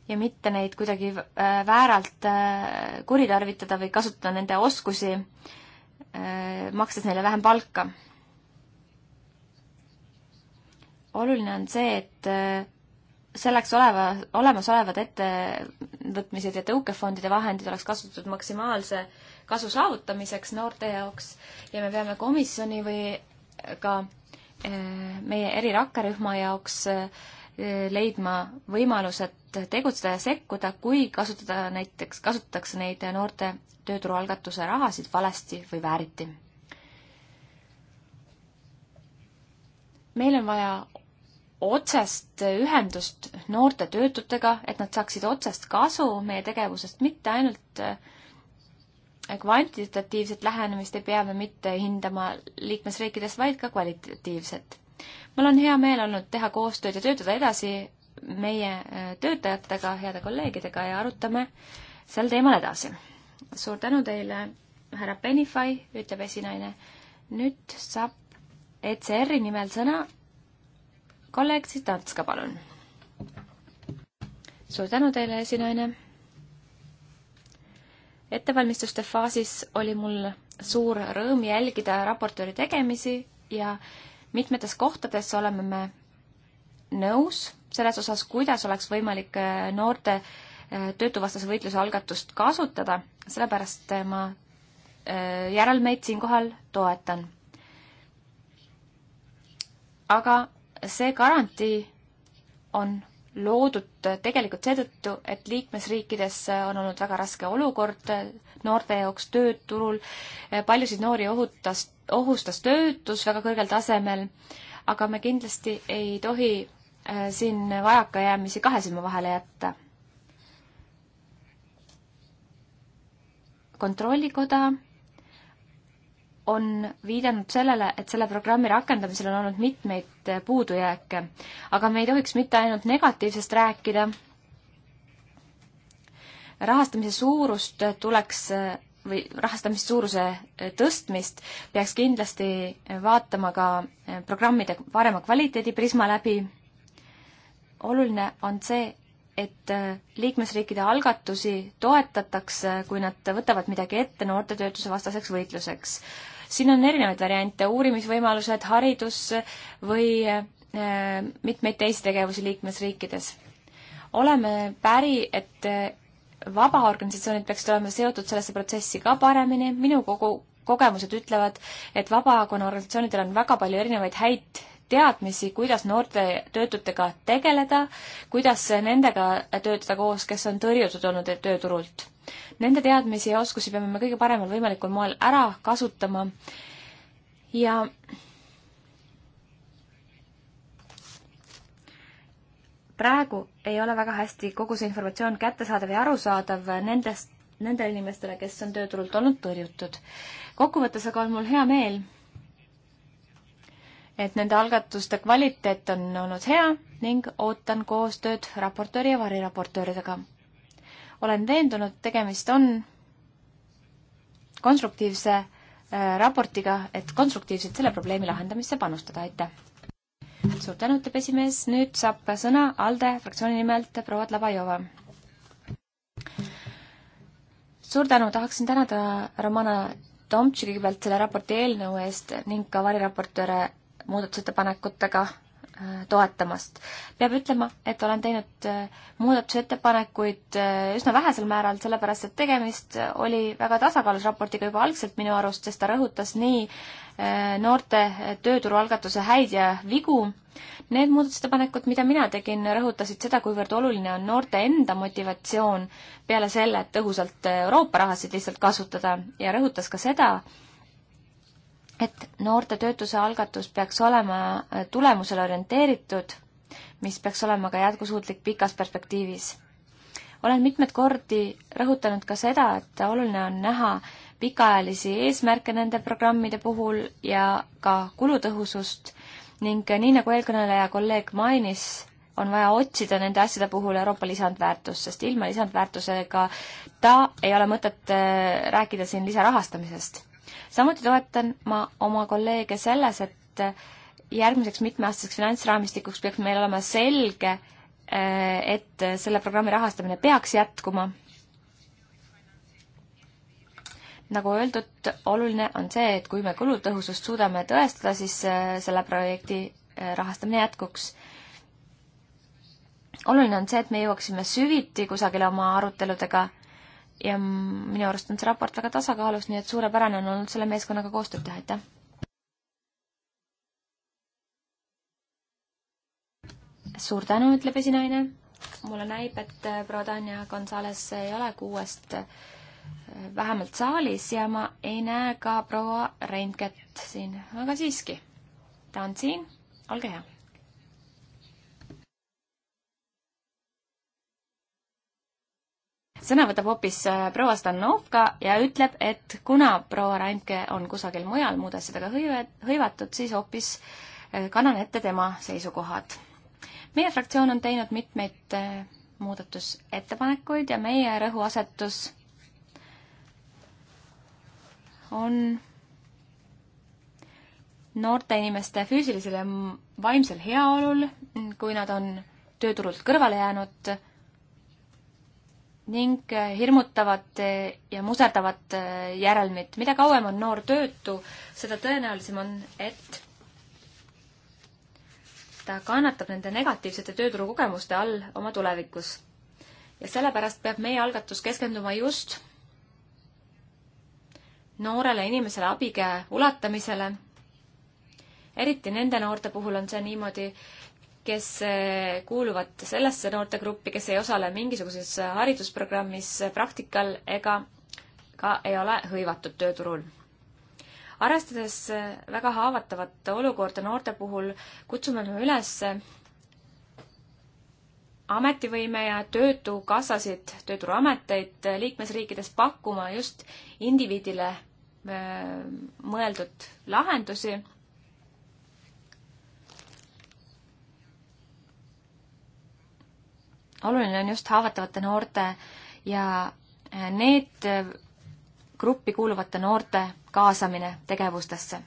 ja mitte neid kuidagi äh, vääralt äh, kuritarvitada või kasutada nende oskusi, äh, makstes neile vähem palka. oluline on see, et selleks oleva, olemasolevad ettevõtmised ja tõukefondide vahendid oleks kasutatud maksimaalse kasu saavutamiseks noorte jaoks ja me peame komisjoni või ka meie eri rakkerühma jaoks leidma võimalused tegutseda ja sekkuda, kui kasutada näiteks, kasutatakse neid noorte tööturualgatuse rahasid valesti või vääriti. meil on vaja otsest ühendust noorte töötutega, et nad saaksid otsest kasu meie tegevusest, mitte ainult äh, kvantitatiivset lähenemist ei pea me mitte hindama liikmesriikidest, vaid ka kvalitatiivset mul on hea meel olnud teha koostööd ja töötada edasi meie äh, töötajatega, heade kolleegidega ja arutame sel teemal edasi. suur tänu teile, härra Benify, ütleb esinaine. nüüd saab ECR-i nimel sõna kolleeg Sitanska, palun. suur tänu teile, esinaine. ettevalmistuste faasis oli mul suur rõõm jälgida raportööri tegemisi ja mitmetes kohtades oleme me nõus selles osas, kuidas oleks võimalik äh, noorte äh, töötuvastase võitluse algatust kasutada, sellepärast äh, ma järelmeid siinkohal toetan. aga see garantii on loodud tegelikult seetõttu, et liikmesriikides on olnud väga raske olukord noorte jaoks tööturul, paljusid noori ohutas, ohustas töötus väga kõrgel tasemel, aga me kindlasti ei tohi Äh, siin vajakajäämisi kahe silma vahele jätta. kontrollikoda on viidanud sellele, et selle programmi rakendamisel on olnud mitmeid äh, puudujääke. aga me ei tohiks mitte ainult negatiivsest rääkida, rahastamise suurust tuleks äh, või rahastamise suuruse tõstmist peaks kindlasti vaatama ka programmide parema kvaliteedi prisma läbi oluline on see, et äh, liikmesriikide algatusi toetatakse, kui nad võtavad midagi ette noortetöötuse vastaseks võitluseks. siin on erinevaid variante, uurimisvõimalused, haridus või äh, mitmeid teisi tegevusi liikmesriikides. oleme päri, et äh, vabaorganisatsioonid peaksid olema seotud sellesse protsessi ka paremini, minu kogu kogemused ütlevad, et vabakonna organisatsioonidel on väga palju erinevaid häid teadmisi, kuidas noorte töötutega tegeleda, kuidas nendega töötada koos, kes on tõrjutud olnud tööturult. Nende teadmisi ja oskusi peame me kõige paremal võimalikul moel ära kasutama ja praegu ei ole väga hästi kogu see informatsioon kättesaadav ja arusaadav nendest, nendele inimestele, kes on tööturult olnud tõrjutud. kokkuvõttes aga on mul hea meel et nende algatuste kvaliteet on olnud hea ning ootan koostööd raportööri ja variraportööridega. olen veendunud, tegemist on konstruktiivse äh, raportiga, et konstruktiivselt selle probleemi lahendamisse panustada, aitäh! suur tänu, ütleb esimees, nüüd saab sõna ALDE fraktsiooni nimelt proua Tlabajova. suur tänu, tahaksin tänada Romana Tomtši kõigepealt selle raporti eelnõu eest ning ka variraportööre muudatusettepanekutega äh, toetamast. peab ütlema, et olen teinud äh, muudatusettepanekuid äh, üsna vähesel määral, sellepärast et tegemist oli väga tasakaalus raportiga juba algselt minu arust, sest ta rõhutas nii noorte tööturualgatuse häid ja vigu. Need muudatusettepanekud, mida mina tegin, rõhutasid seda, kuivõrd oluline on noorte enda motivatsioon peale selle, et tõhusalt Euroopa rahasid lihtsalt kasutada ja rõhutas ka seda, et noorte töötuse algatus peaks olema äh, tulemusele orienteeritud, mis peaks olema ka jätkusuutlik pikas perspektiivis. olen mitmeid kordi rõhutanud ka seda, et oluline on näha pikaajalisi eesmärke nende programmide puhul ja ka kulutõhusust ning nii, nagu eelkõneleja kolleeg mainis, on vaja otsida nende asjade puhul Euroopa lisandväärtust, sest ilma lisandväärtusega ta ei ole mõtet äh, rääkida siin lisarahastamisest samuti toetan ma oma kolleege selles, et järgmiseks mitmeaastaseks finantsraamistikuks peaks meil olema selge, äh, et selle programmi rahastamine peaks jätkuma. nagu öeldud, oluline on see, et kui me kulutõhusust suudame tõestada, siis äh, selle projekti äh, rahastamine jätkuks. oluline on see, et me jõuaksime süviti kusagile oma aruteludega ja minu arust on see raport väga tasakaalus, nii et suurepärane on olnud selle meeskonnaga koostööd teha, aitäh! suur tänu, ütleb esinaine. mulle näib, et äh, proua Tanja Gonzales ei ole kuuest äh, vähemalt saalis ja ma ei näe ka proua Reinket siin, aga siiski, ta on siin, olge hea sõna võtab hoopis äh, proua Stanovka ja ütleb, et kuna proua Randke on kusagil mujal muud asjadega hõive, hõivatud, siis hoopis äh, kannan ette tema seisukohad. meie fraktsioon on teinud mitmeid äh, muudatusettepanekuid ja meie rõhuasetus on noorte inimeste füüsilisel ja vaimsel heaolul, kui nad on tööturult kõrvale jäänud ning äh, hirmutavad äh, ja muserdavad äh, järelmid. mida kauem on noor töötu, seda tõenäolisem on, et ta kannatab nende negatiivsete tööturukogemuste all oma tulevikus. ja sellepärast peab meie algatus keskenduma just noorele inimesele abikäe ulatamisele. eriti nende noorte puhul on see niimoodi, kes eh, kuuluvad sellesse noortegruppi, kes ei osale mingisuguses eh, haridusprogrammis, eh, praktikal ega ka ei ole hõivatud tööturul. arvestades väga haavatavat olukorda noorte puhul, kutsume me üles ametivõime ja töötukassasid, tööturuameteid liikmesriikides pakkuma just indiviidile mõeldud lahendusi oluline on just haavatavate noorte ja eh, need eh, gruppi kuuluvate noorte kaasamine tegevustesse.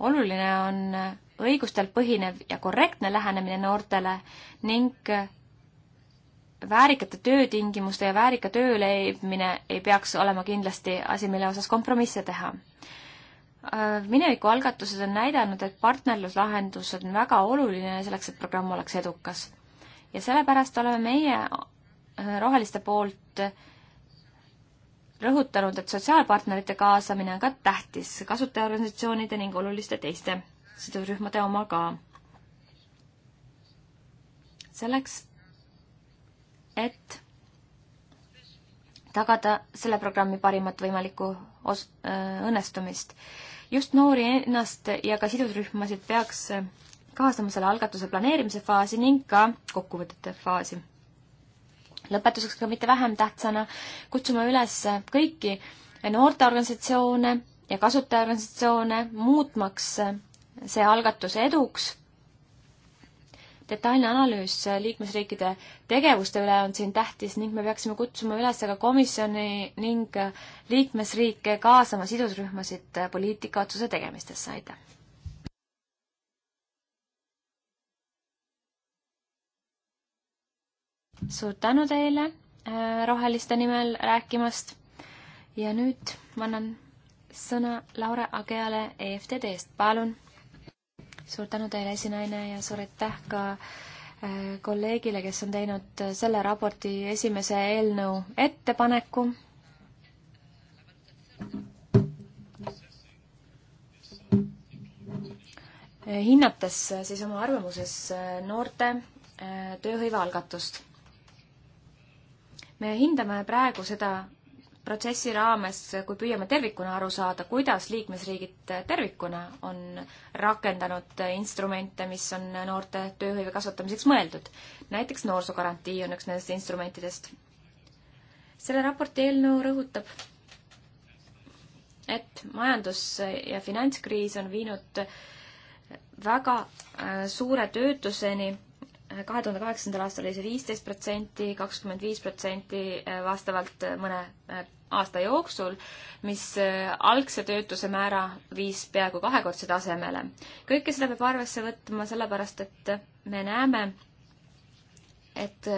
oluline on eh, õigustel põhinev ja korrektne lähenemine noortele ning väärikate töötingimuste ja väärika töö leidmine ei peaks olema kindlasti asi, mille osas kompromisse teha. mineviku algatused on näidanud, et partnerluslahendus on väga oluline selleks, et programm oleks edukas ja sellepärast oleme meie äh, roheliste poolt rõhutanud, et sotsiaalpartnerite kaasamine on ka tähtis kasutajaorganisatsioonide ning oluliste teiste sidurühmade oma ka. selleks, et tagada selle programmi parimat võimalikku os-, äh, õnnestumist. just noori ennast ja ka sidusrühmasid peaks äh, kaasama selle algatuse planeerimise faasi ning ka kokkuvõtete faasi. lõpetuseks, aga mitte vähem tähtsana, kutsume üles kõiki noorteorganisatsioone ja kasutajaorganisatsioone muutmaks see algatuse eduks detailne analüüs liikmesriikide tegevuste üle on siin tähtis ning me peaksime kutsuma üles ka komisjoni ning liikmesriike kaasama sidusrühmasid poliitikaotsuse tegemistesse, aitäh! suur tänu teile äh, roheliste nimel rääkimast ja nüüd ma annan sõna Laura Ageale EFTD-st, palun. suur tänu teile, esinaine, ja suur aitäh ka äh, kolleegile, kes on teinud äh, selle raporti esimese eelnõu ettepaneku. hinnates siis oma arvamuses noorte tööhõive algatust me hindame praegu seda protsessi raames, kui püüame tervikuna aru saada, kuidas liikmesriigid tervikuna on rakendanud instrumente, mis on noorte tööhõive kasvatamiseks mõeldud. näiteks noorsoogarantii on üks nendest instrumentidest. selle raporti eelnõu rõhutab, et majandus- ja finantskriis on viinud väga äh, suure töötuseni kahe tuhande kaheksandal aastal oli see viisteist protsenti, kakskümmend viis protsenti äh, vastavalt äh, mõne äh, aasta jooksul, mis algse töötuse määra viis peaaegu kahekordse tasemele. kõike seda peab arvesse võtma sellepärast, et me näeme, et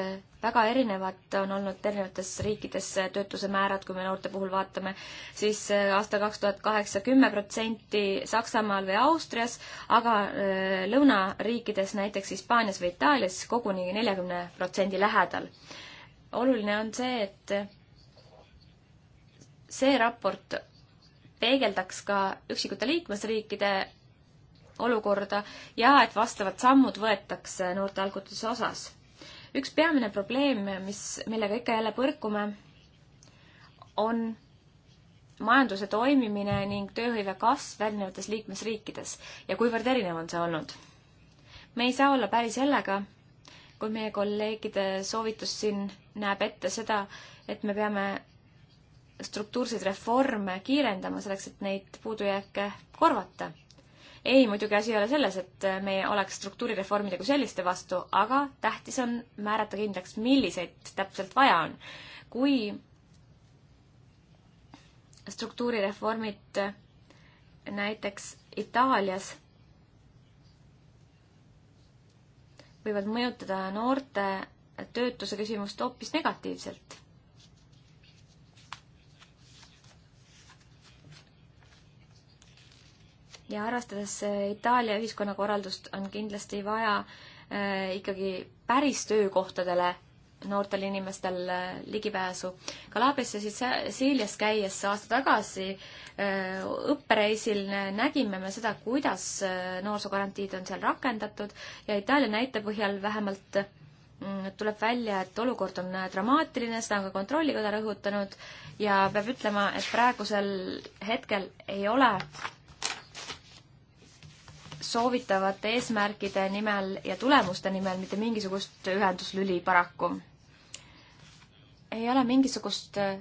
väga erinevad on olnud erinevates riikides töötuse määrad, kui me noorte puhul vaatame, siis äh, aastal kaks tuhat kaheksa kümme protsenti Saksamaal või Austrias, aga äh, lõunariikides, näiteks Hispaanias või Itaalias koguni neljakümne protsendi lähedal. oluline on see, et äh, see raport peegeldaks ka üksikute liikmesriikide olukorda ja et vastavad sammud võetakse noorte algatuse osas üks peamine probleem, mis, millega ikka jälle põrkume, on majanduse toimimine ning tööhõive kasv erinevates liikmesriikides ja kuivõrd erinev on see olnud. me ei saa olla päri sellega, kui meie kolleegide soovitus siin näeb ette seda, et me peame struktuurseid reforme kiirendama selleks, et neid puudujääke korvata ei, muidugi asi ei ole selles, et me oleks struktuurireformide kui selliste vastu, aga tähtis on määrata kindlaks, milliseid täpselt vaja on. kui struktuurireformid näiteks Itaalias võivad mõjutada noorte töötuse küsimust hoopis negatiivselt ja arvestades äh, Itaalia ühiskonnakorraldust, on kindlasti vaja äh, ikkagi päris töökohtadele noortel inimestel äh, ligipääsu. Kalabrias ja Sitsiilias käies aasta tagasi õppereisil nägime me seda, kuidas noorsoogarantiid on seal rakendatud ja Itaalia näite põhjal vähemalt mm, tuleb välja, et olukord on dramaatiline, seda on ka Kontrollikoda rõhutanud ja peab ütlema, et praegusel hetkel ei ole soovitavate eesmärkide nimel ja tulemuste nimel mitte mingisugust ühenduslüli paraku. ei ole mingisugust äh,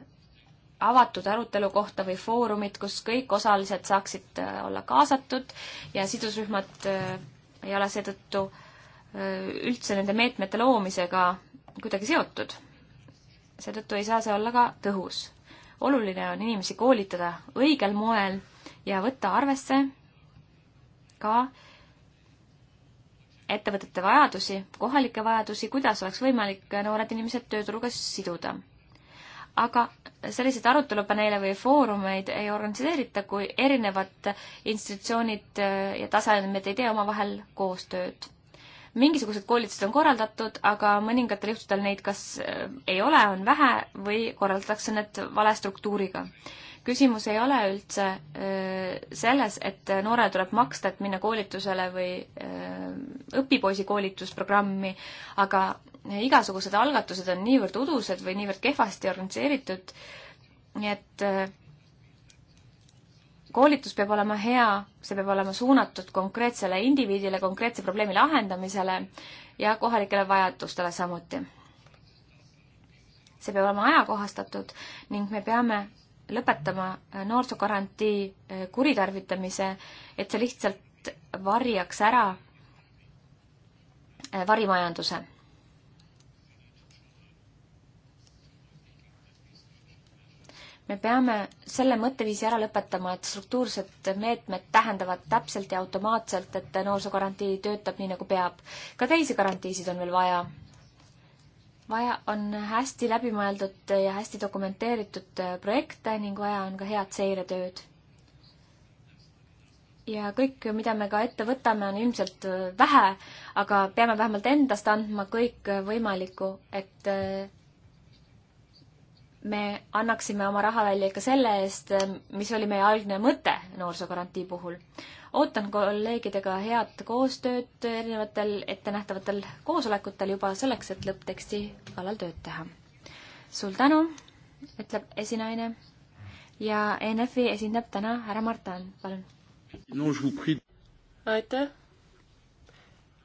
avatud arutelu kohta või foorumit, kus kõik osalised saaksid äh, olla kaasatud ja sidusrühmad äh, ei ole seetõttu üldse nende meetmete loomisega kuidagi seotud. seetõttu ei saa see olla ka tõhus. oluline on inimesi koolitada õigel moel ja võtta arvesse ka ettevõtete vajadusi, kohalikke vajadusi, kuidas oleks võimalik noored inimesed tööturuga siduda. aga selliseid arutelupaneele või foorumeid ei organiseerita, kui erinevad institutsioonid ja tasemed ei tee omavahel koostööd. mingisugused koolitused on korraldatud, aga mõningatel juhtudel neid kas ei ole, on vähe või korraldatakse need vale struktuuriga küsimus ei ole üldse äh, selles, et noorele tuleb maksta, et minna koolitusele või äh, õpipoisi koolitusprogrammi, aga igasugused algatused on niivõrd udused või niivõrd kehvasti organiseeritud, nii et äh, koolitus peab olema hea, see peab olema suunatud konkreetsele indiviidile, konkreetse probleemi lahendamisele ja kohalikele vajadustele samuti. see peab olema ajakohastatud ning me peame lõpetama äh, noorsoogarantii äh, kuritarvitamise, et see lihtsalt varjaks ära äh, varimajanduse. me peame selle mõtteviisi ära lõpetama, et struktuursed meetmed tähendavad täpselt ja automaatselt, et noorsoogarantii töötab nii, nagu peab. ka teisi garantiisid on veel vaja vaja on hästi läbimõeldud ja hästi dokumenteeritud äh, projekte ning vaja on ka head seiretööd. ja kõik, mida me ka ette võtame, on ilmselt äh, vähe, aga peame vähemalt endast andma kõik äh, võimalikku, et me annaksime oma raha välja ikka selle eest, mis oli meie algne mõte noorsoogarantii puhul. ootan kolleegidega head koostööd erinevatel ettenähtavatel koosolekutel juba selleks, et lõppteksti kallal tööd teha. suur tänu, ütleb esinaine ja ENF-i esindab täna härra Martin, palun. aitäh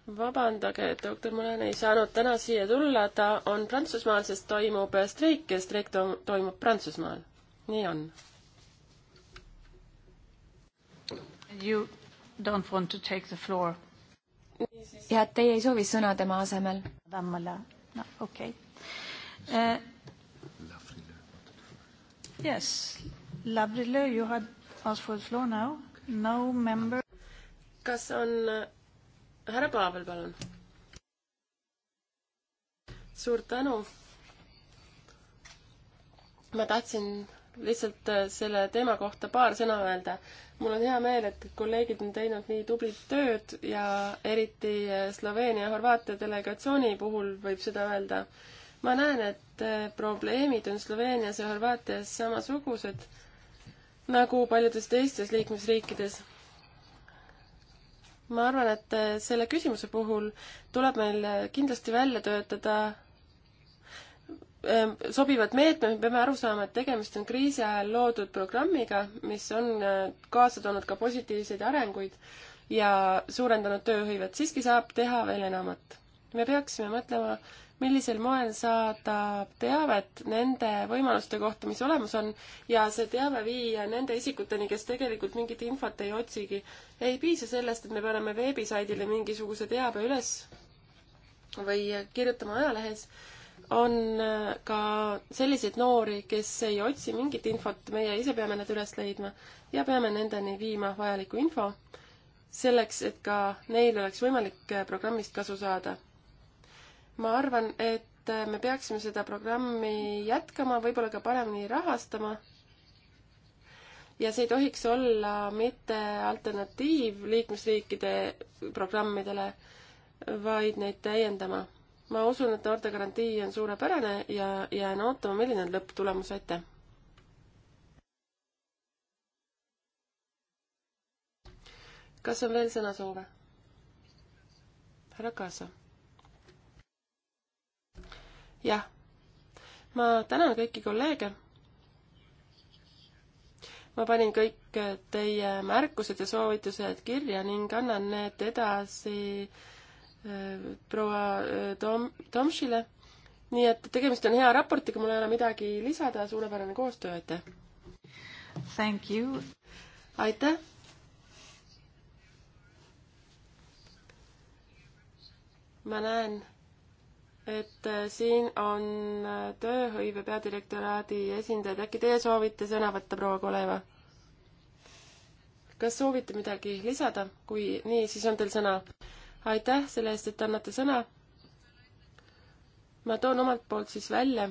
vabandage, et doktor Mulan ei saanud täna siia tulla, ta on Prantsusmaal, sest toimub streik ja streik to toimub Prantsusmaal. nii on. You don't want to take the floor? ja et teie ei soovi sõna tema asemel? no okei okay. uh,. Yes, Labrile, you had asked for the floor now, no member. kas on härra Paavel, palun. suur tänu. ma tahtsin lihtsalt äh, selle teema kohta paar sõna öelda. mul on hea meel, et kolleegid on teinud nii tublit tööd ja eriti äh, Sloveenia-Horvaatia delegatsiooni puhul võib seda öelda. ma näen, et äh, probleemid on Sloveenias ja Horvaatias samasugused nagu paljudes teistes liikmesriikides ma arvan, et äh, selle küsimuse puhul tuleb meil äh, kindlasti välja töötada ähm, sobivad meetmed, me peame aru saama, et tegemist on kriisi ajal loodud programmiga, mis on äh, kaasa toonud ka positiivseid arenguid ja suurendanud tööhõivet. siiski saab teha veel enamat. me peaksime mõtlema äh, millisel moel saadab teavet nende võimaluste kohta, mis olemas on, ja see teave viia nende isikuteni, kes tegelikult mingit infot ei otsigi. ei piisa sellest, et me paneme veebisaidile mingisuguse teabe üles või kirjutame ajalehes, on äh, ka selliseid noori, kes ei otsi mingit infot, meie ise peame nad üles leidma ja peame nendeni viima vajaliku info, selleks et ka neil oleks võimalik äh, programmist kasu saada ma arvan, et me peaksime seda programmi jätkama, võib-olla ka paremini rahastama. ja see ei tohiks olla mitte alternatiiv liikmesriikide programmidele, vaid neid täiendama. ma usun, et noortegarantii on suurepärane ja jään ootama, milline on lõpptulemus, aitäh! kas on veel sõnasoove? härra Kaasa jah, ma tänan kõiki kolleege. ma panin kõik teie märkused ja soovitused kirja ning annan need edasi äh, proua äh, Tom-, Tomšile. nii et tegemist on hea raportiga, mul ei ole midagi lisada, suurepärane koostöö, aitäh! Thank you! aitäh! ma näen et äh, siin on äh, tööhõive peadirektoraadi esindajad, äkki teie soovite sõna võtta, proua Koleva? kas soovite midagi lisada, kui nii, siis on teil sõna. aitäh selle eest, et annate sõna. ma toon omalt poolt siis välja,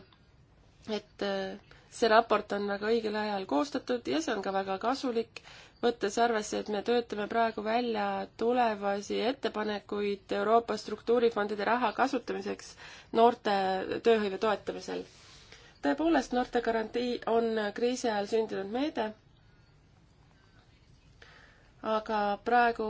et äh, see raport on väga õigel ajal koostatud ja see on ka väga kasulik võttes arvesse, et me töötame praegu välja tulevasi ettepanekuid Euroopa struktuurifondide raha kasutamiseks noorte tööhõive toetamisel. tõepoolest, noortegarantii on kriisi ajal sündinud meede, aga praegu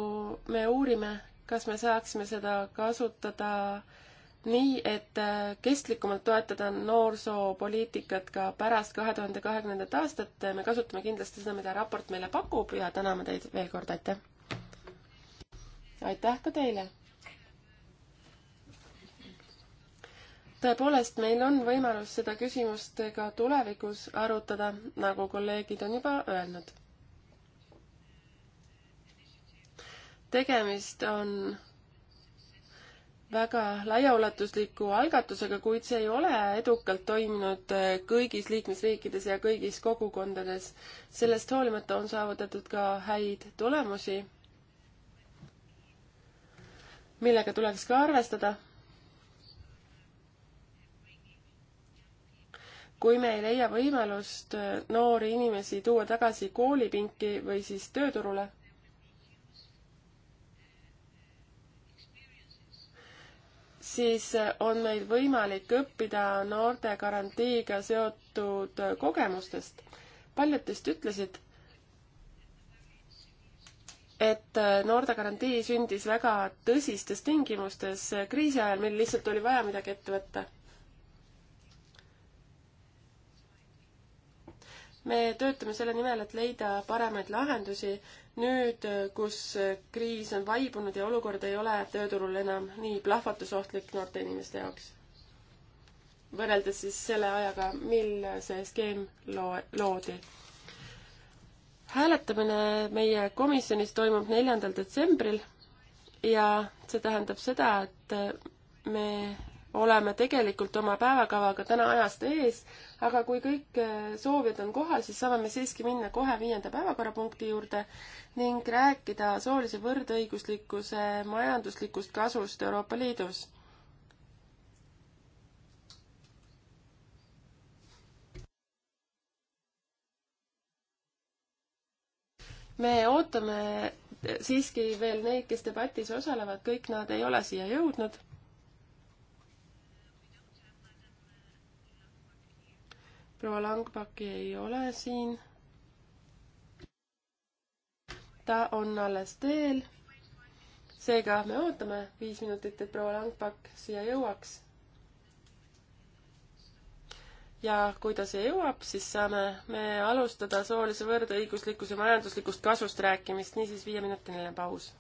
me uurime, kas me saaksime seda kasutada äh, nii et äh, kestlikumalt toetada noorsoopoliitikat ka pärast kahe tuhande kahekümnendat aastat, me kasutame kindlasti seda, mida raport meile pakub ja täname teid veel kord, aitäh! aitäh ka teile! tõepoolest, meil on võimalus seda küsimust ka tulevikus arutada, nagu kolleegid on juba öelnud. tegemist on väga laiaulatusliku algatusega, kuid see ei ole edukalt toiminud äh, kõigis liikmesriikides ja kõigis kogukondades. sellest hoolimata on saavutatud ka häid tulemusi, millega tuleks ka arvestada. kui me ei leia võimalust äh, noori inimesi tuua tagasi koolipinki või siis tööturule siis on meil võimalik õppida noorte garantiiga seotud kogemustest. paljud teist ütlesid, et noortegarantii sündis väga tõsistes tingimustes kriisi ajal, mil lihtsalt oli vaja midagi ette võtta me töötame selle nimel, et leida paremaid lahendusi nüüd, kus kriis on vaibunud ja olukord ei ole tööturul enam nii plahvatusohtlik noorte inimeste jaoks. võrreldes siis selle ajaga, mil see skeem loo-, loodi. hääletamine meie komisjonis toimub neljandal detsembril ja see tähendab seda, et me oleme tegelikult oma päevakavaga täna ajast ees, aga kui kõik eh, soovijad on kohal, siis saame me siiski minna kohe viienda päevakorrapunkti juurde ning rääkida soolise võrdõiguslikkuse majanduslikust kasust Euroopa Liidus. me ootame eh, siiski veel neid, kes debatis osalevad, kõik nad ei ole siia jõudnud proua Langbaki ei ole siin. ta on alles teel. seega me ootame viis minutit, et proua Langbak siia jõuaks. ja kui ta siia jõuab, siis saame me alustada soolise võrdõiguslikkuse majanduslikust kasvust rääkimist, niisiis viieminutiline paus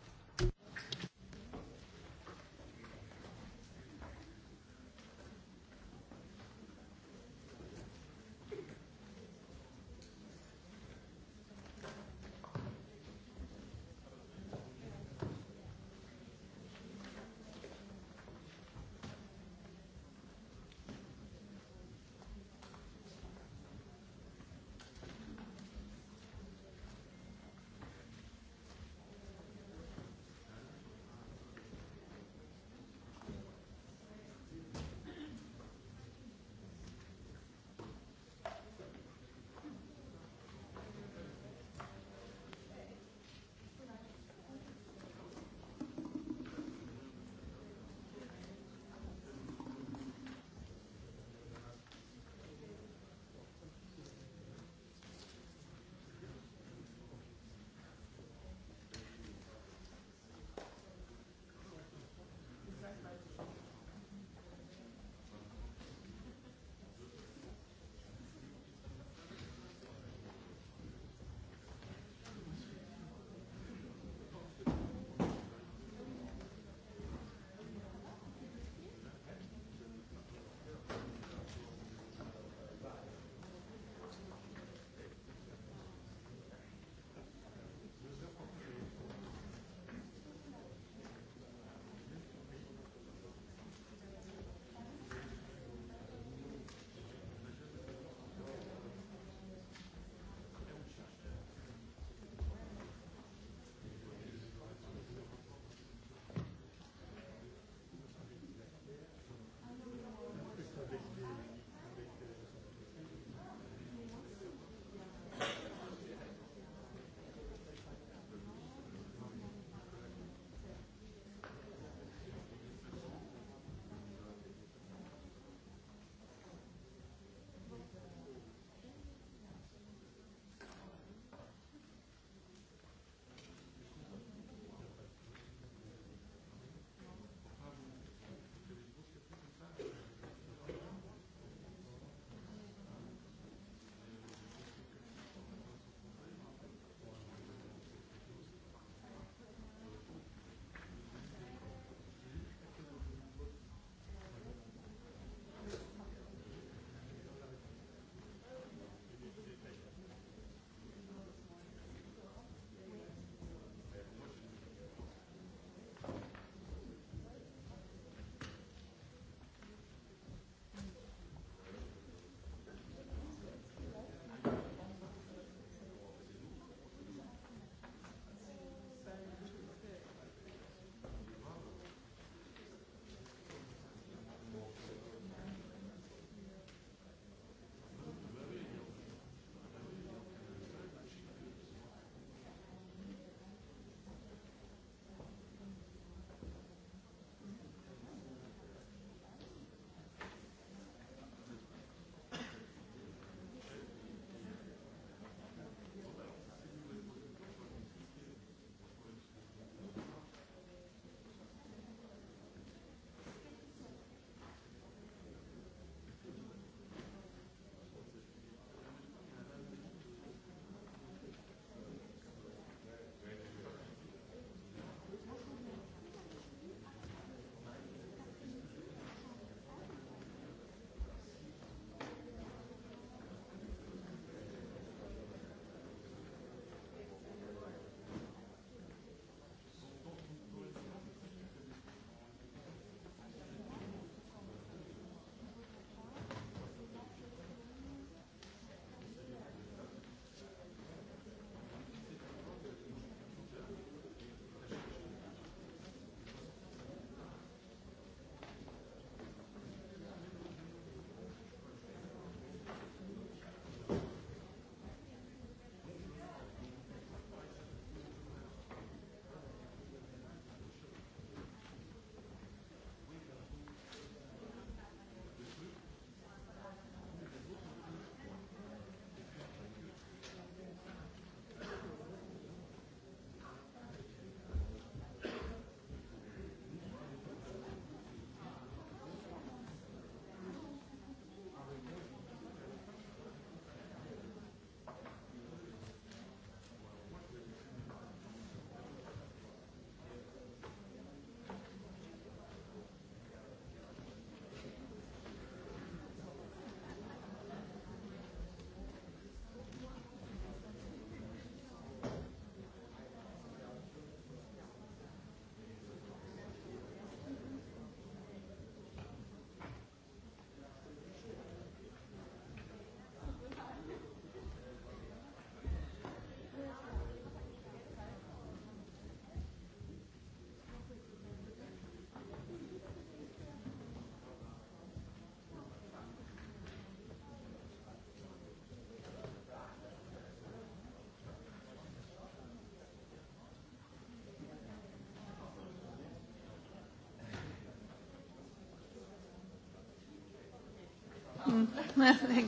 welcome.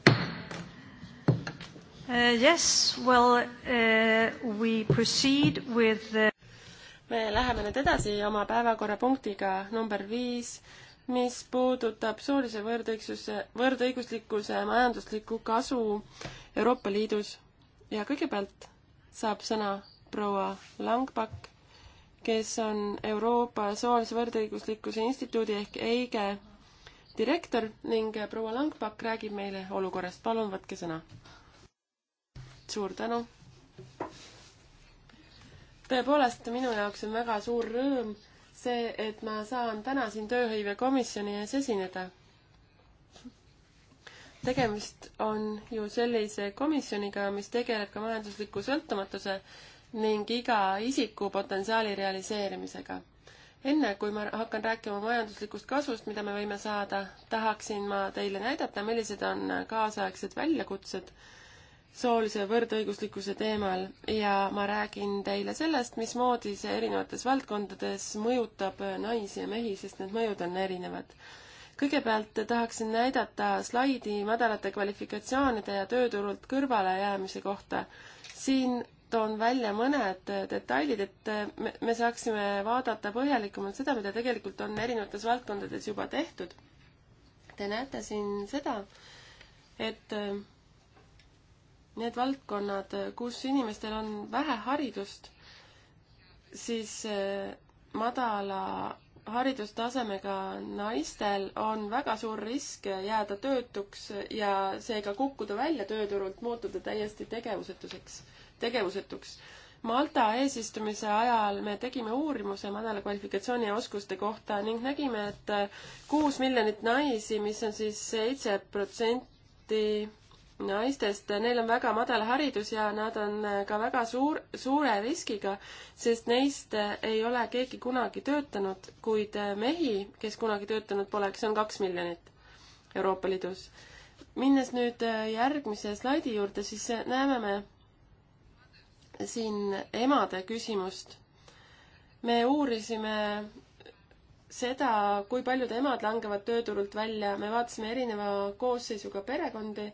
uh, yes, well, uh, we proceed with the... me läheme nüüd edasi oma päevakorrapunktiga number viis, mis puudutab soolise võrdõiguse, võrdõiguslikkuse majanduslikku kasu Euroopa Liidus. ja kõigepealt saab sõna proua Langbakk kes on Euroopa Soolise Võrdõiguslikkuse Instituudi ehk EIGE direktor ning proua Langpak räägib meile olukorrast. palun, võtke sõna. suur tänu. tõepoolest, minu jaoks on väga suur rõõm see, et ma saan täna siin tööhõivekomisjoni ees esineda. tegemist on ju sellise komisjoniga, mis tegeleb ka majandusliku sõltumatuse ning iga isiku potentsiaali realiseerimisega enne kui ma hakkan rääkima majanduslikust kasvust, mida me võime saada, tahaksin ma teile näidata, millised on kaasaegsed väljakutsed soolise võrdõiguslikkuse teemal ja ma räägin teile sellest, mismoodi see erinevates valdkondades mõjutab naisi ja mehi, sest need mõjud on erinevad. kõigepealt tahaksin näidata slaidi madalate kvalifikatsioonide ja tööturult kõrvalejäämise kohta. siin toon välja mõned detailid, et me, me saaksime vaadata põhjalikumalt seda, mida tegelikult on erinevates valdkondades juba tehtud. Te näete siin seda, et need valdkonnad, kus inimestel on vähe haridust, siis eh, madala haridustasemega naistel on väga suur risk jääda töötuks ja seega kukkuda välja tööturult, muutuda täiesti tegevusetuseks tegevusetuks. Malta eesistumise ajal me tegime uurimuse madala kvalifikatsiooni ja oskuste kohta ning nägime, et kuus miljonit naisi, mis on siis seitse protsenti naistest, neil on väga madal haridus ja nad on ka väga suur, suure riskiga, sest neist ei ole keegi kunagi töötanud, kuid mehi, kes kunagi töötanud poleks, on kaks miljonit Euroopa Liidus. minnes nüüd järgmise slaidi juurde, siis näeme me, siin emade küsimust. me uurisime seda, kui paljud emad langevad tööturult välja, me vaatasime erineva koosseisuga perekondi.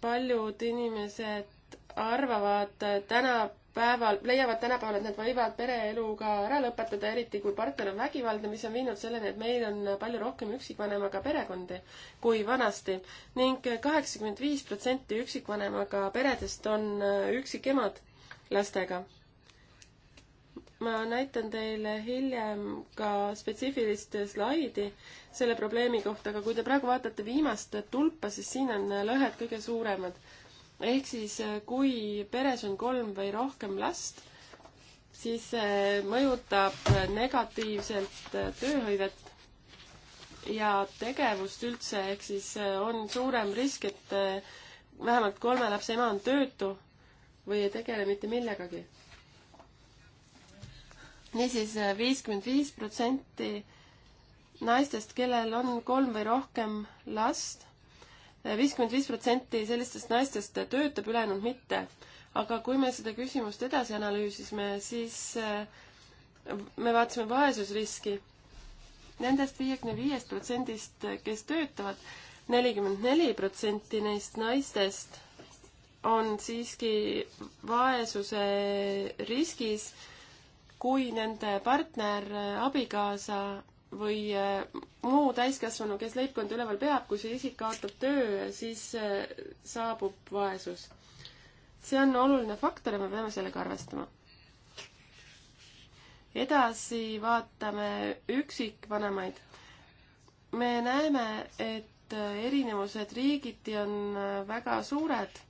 paljud inimesed arvavad täna päeval, leiavad tänapäeval, et nad võivad pereeluga ära lõpetada, eriti kui partner on vägivaldne, mis on viinud selleni, et meil on palju rohkem üksikvanemaga perekondi kui vanasti ning kaheksakümmend viis protsenti üksikvanemaga peredest on äh, üksikemad lastega ma näitan teile hiljem ka spetsiifilist slaidi selle probleemi kohta, aga kui te praegu vaatate viimast tulpa, siis siin on lõhed kõige suuremad ehk siis, eh, kui peres on kolm või rohkem last, siis see eh, mõjutab negatiivselt eh, tööhõivet ja tegevust üldse, ehk siis on suurem risk, et vähemalt kolme lapse ema on töötu või ei tegele mitte millegagi niisiis, viiskümmend viis protsenti naistest, kellel on kolm või rohkem last, viiskümmend viis protsenti sellistest naistest töötab, ülejäänud mitte. aga kui me seda küsimust edasi analüüsisime, siis äh, me vaatasime vaesusriski. Nendest viiekümne viiest protsendist, kes töötavad, nelikümmend neli protsenti neist naistest on siiski vaesuse riskis, kui nende partner, abikaasa või eh, muu täiskasvanu, kes leibkonda üleval peab, kui see isik kaotab töö, siis eh, saabub vaesus. see on oluline faktor ja me peame sellega arvestama. edasi vaatame üksikvanemaid. me näeme, et eh, erinevused riigiti on väga suured.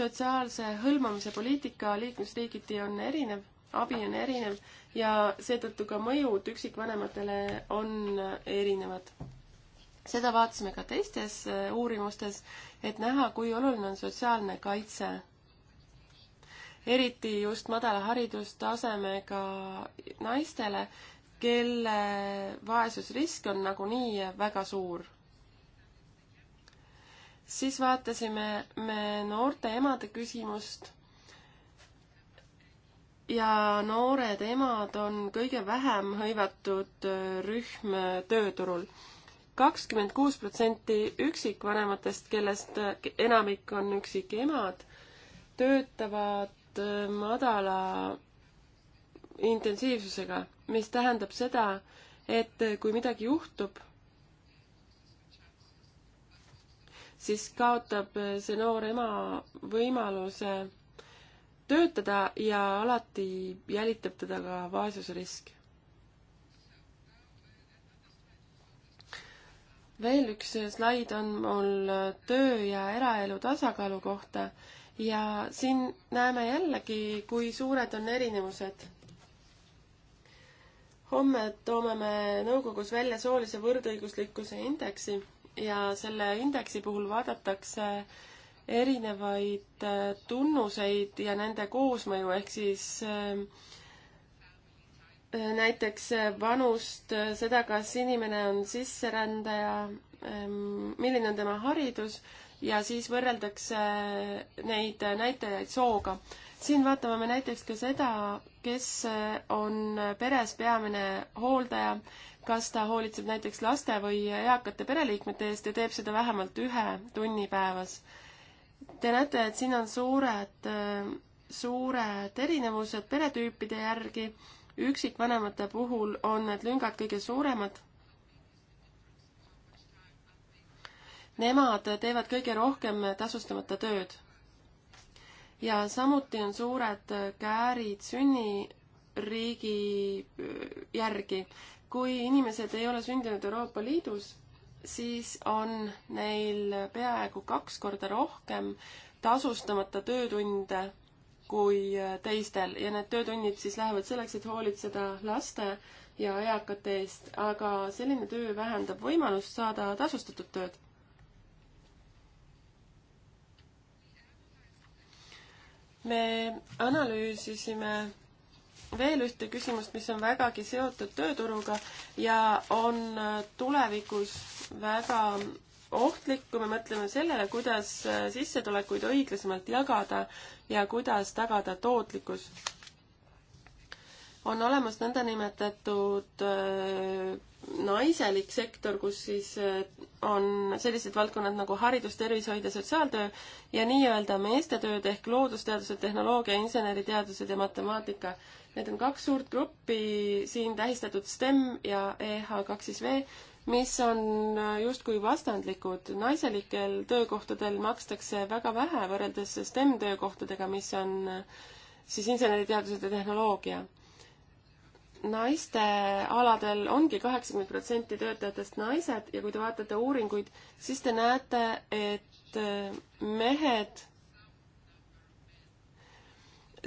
sotsiaalse hõlmamise poliitika liikmesriigiti on erinev abi on erinev ja seetõttu ka mõjud üksikvanematele on erinevad. seda vaatasime ka teistes äh, uurimustes, et näha, kui oluline on sotsiaalne kaitse. eriti just madala haridustasemega naistele, kelle vaesusrisk on nagunii väga suur siis vaatasime me noorte emade küsimust ja noored emad on kõige vähem hõivatud äh, rühm äh, tööturul. kakskümmend kuus protsenti üksikvanematest, kellest äh, enamik on üksikemad, töötavad madala intensiivsusega, mis tähendab seda, et kui midagi juhtub, siis kaotab see noor ema võimaluse töötada ja alati jälitab teda ka vaesusrisk. veel üks slaid on mul töö ja eraelu tasakaalu kohta ja siin näeme jällegi, kui suured on erinevused. homme toome me nõukogus välja soolise võrdõiguslikkuse indeksi ja selle indeksi puhul vaadatakse äh, erinevaid äh, tunnuseid ja nende koosmõju, ehk siis ähm, äh, näiteks äh, vanust, seda, kas inimene on sisserändaja, ähm, milline on tema haridus ja siis võrreldakse neid näitajaid sooga. siin vaatame me näiteks ka seda, kes on peres peamine hooldaja, kas ta hoolitseb näiteks laste või eakate pereliikmete eest ja teeb seda vähemalt ühe tunni päevas Te näete, et siin on suured, äh, suured erinevused peretüüpide järgi. üksikvanemate puhul on need lüngad kõige suuremad. Nemad teevad kõige rohkem tasustamata tööd. ja samuti on suured käärid sünniriigi äh, järgi. kui inimesed ei ole sündinud Euroopa Liidus siis on neil peaaegu kaks korda rohkem tasustamata töötunde kui äh, teistel ja need töötunnid siis lähevad selleks, et hoolitseda laste ja eakate eest, aga selline töö vähendab võimalust saada tasustatud tööd. me analüüsisime veel ühte küsimust, mis on vägagi seotud tööturuga ja on äh, tulevikus väga ohtlik, kui me mõtleme sellele, kuidas äh, sissetulekuid õiglasemalt jagada ja kuidas tagada tootlikkus. on olemas nõndanimetatud äh, naiselik sektor, kus siis on sellised valdkonnad nagu haridus, tervishoid ja sotsiaaltöö ja nii-öelda meeste tööd ehk loodusteadused, tehnoloogia, inseneriteadused ja matemaatika. Need on kaks suurt gruppi siin tähistatud STEM ja EH2V, mis on äh, justkui vastandlikud. naiselikel töökohtadel makstakse väga vähe võrreldes STEM töökohtadega, mis on äh, siis inseneriteadused ja tehnoloogia. naiste aladel ongi kaheksakümmend protsenti töötajatest naised ja kui te vaatate uuringuid, siis te näete, et äh, mehed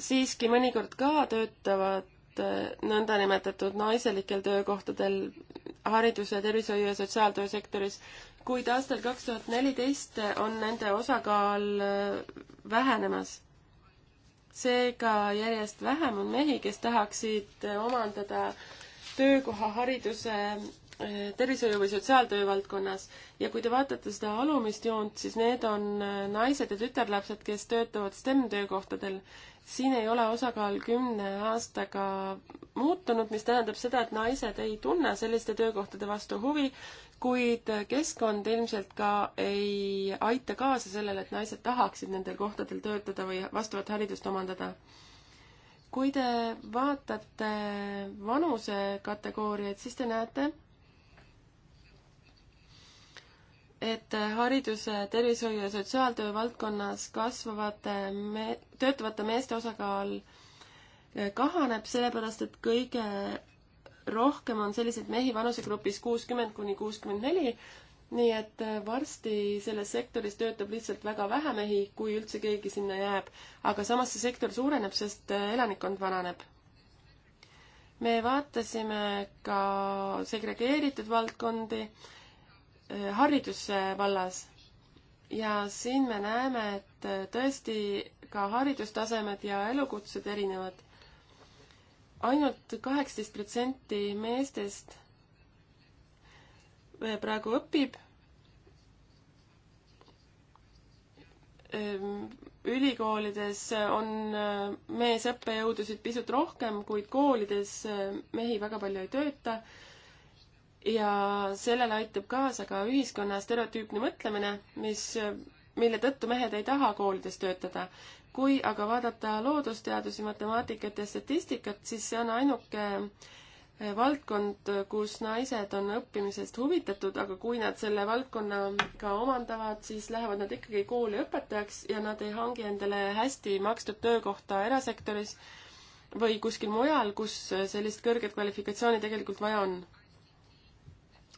siiski mõnikord ka töötavad eh, nõndanimetatud naiselikel töökohtadel hariduse, tervishoiu ja sotsiaaltöö sektoris, kuid aastal kaks tuhat neliteist on nende osakaal eh, vähenemas. seega järjest vähem on mehi, kes tahaksid eh, omandada töökoha hariduse tervishoiu või sotsiaaltöö valdkonnas. ja kui te vaatate seda alumist joont, siis need on äh, naised ja tütarlapsed, kes töötavad STEM töökohtadel. siin ei ole osakaal kümne aastaga muutunud, mis tähendab seda, et naised ei tunne selliste töökohtade vastu huvi, kuid keskkond ilmselt ka ei aita kaasa sellele, et naised tahaksid nendel kohtadel töötada või vastavat haridust omandada kui te vaatate vanusekategooriaid, siis te näete, et hariduse, tervishoiu ja sotsiaaltöö valdkonnas kasvavate me-, töötavate meeste osakaal eh, kahaneb, sellepärast et kõige rohkem on selliseid mehi vanusegrupis kuuskümmend kuni kuuskümmend neli, nii et eh, varsti selles sektoris töötab lihtsalt väga vähe mehi, kui üldse keegi sinna jääb. aga samas see sektor suureneb, sest eh, elanikkond vananeb. me vaatasime ka segregeeritud valdkondi Äh, haridusvallas ja siin me näeme, et äh, tõesti ka haridustasemed ja elukutsed erinevad ainult. ainult kaheksateist protsenti meestest äh, praegu õpib ähm, ülikoolides on meesõppejõudusid pisut rohkem, kuid koolides mehi väga palju ei tööta ja sellele aitab kaasa ka ühiskonna stereotüüpne mõtlemine, mis, mille tõttu mehed ei taha koolides töötada. kui aga vaadata loodusteadusi, matemaatikat ja statistikat, siis see on ainuke eh, valdkond, kus naised on õppimisest huvitatud, aga kui nad selle valdkonna ka omandavad, siis lähevad nad ikkagi kooli õpetajaks ja nad ei hangi endale hästi makstud töökohta erasektoris või kuskil mujal, kus sellist kõrget kvalifikatsiooni tegelikult vaja on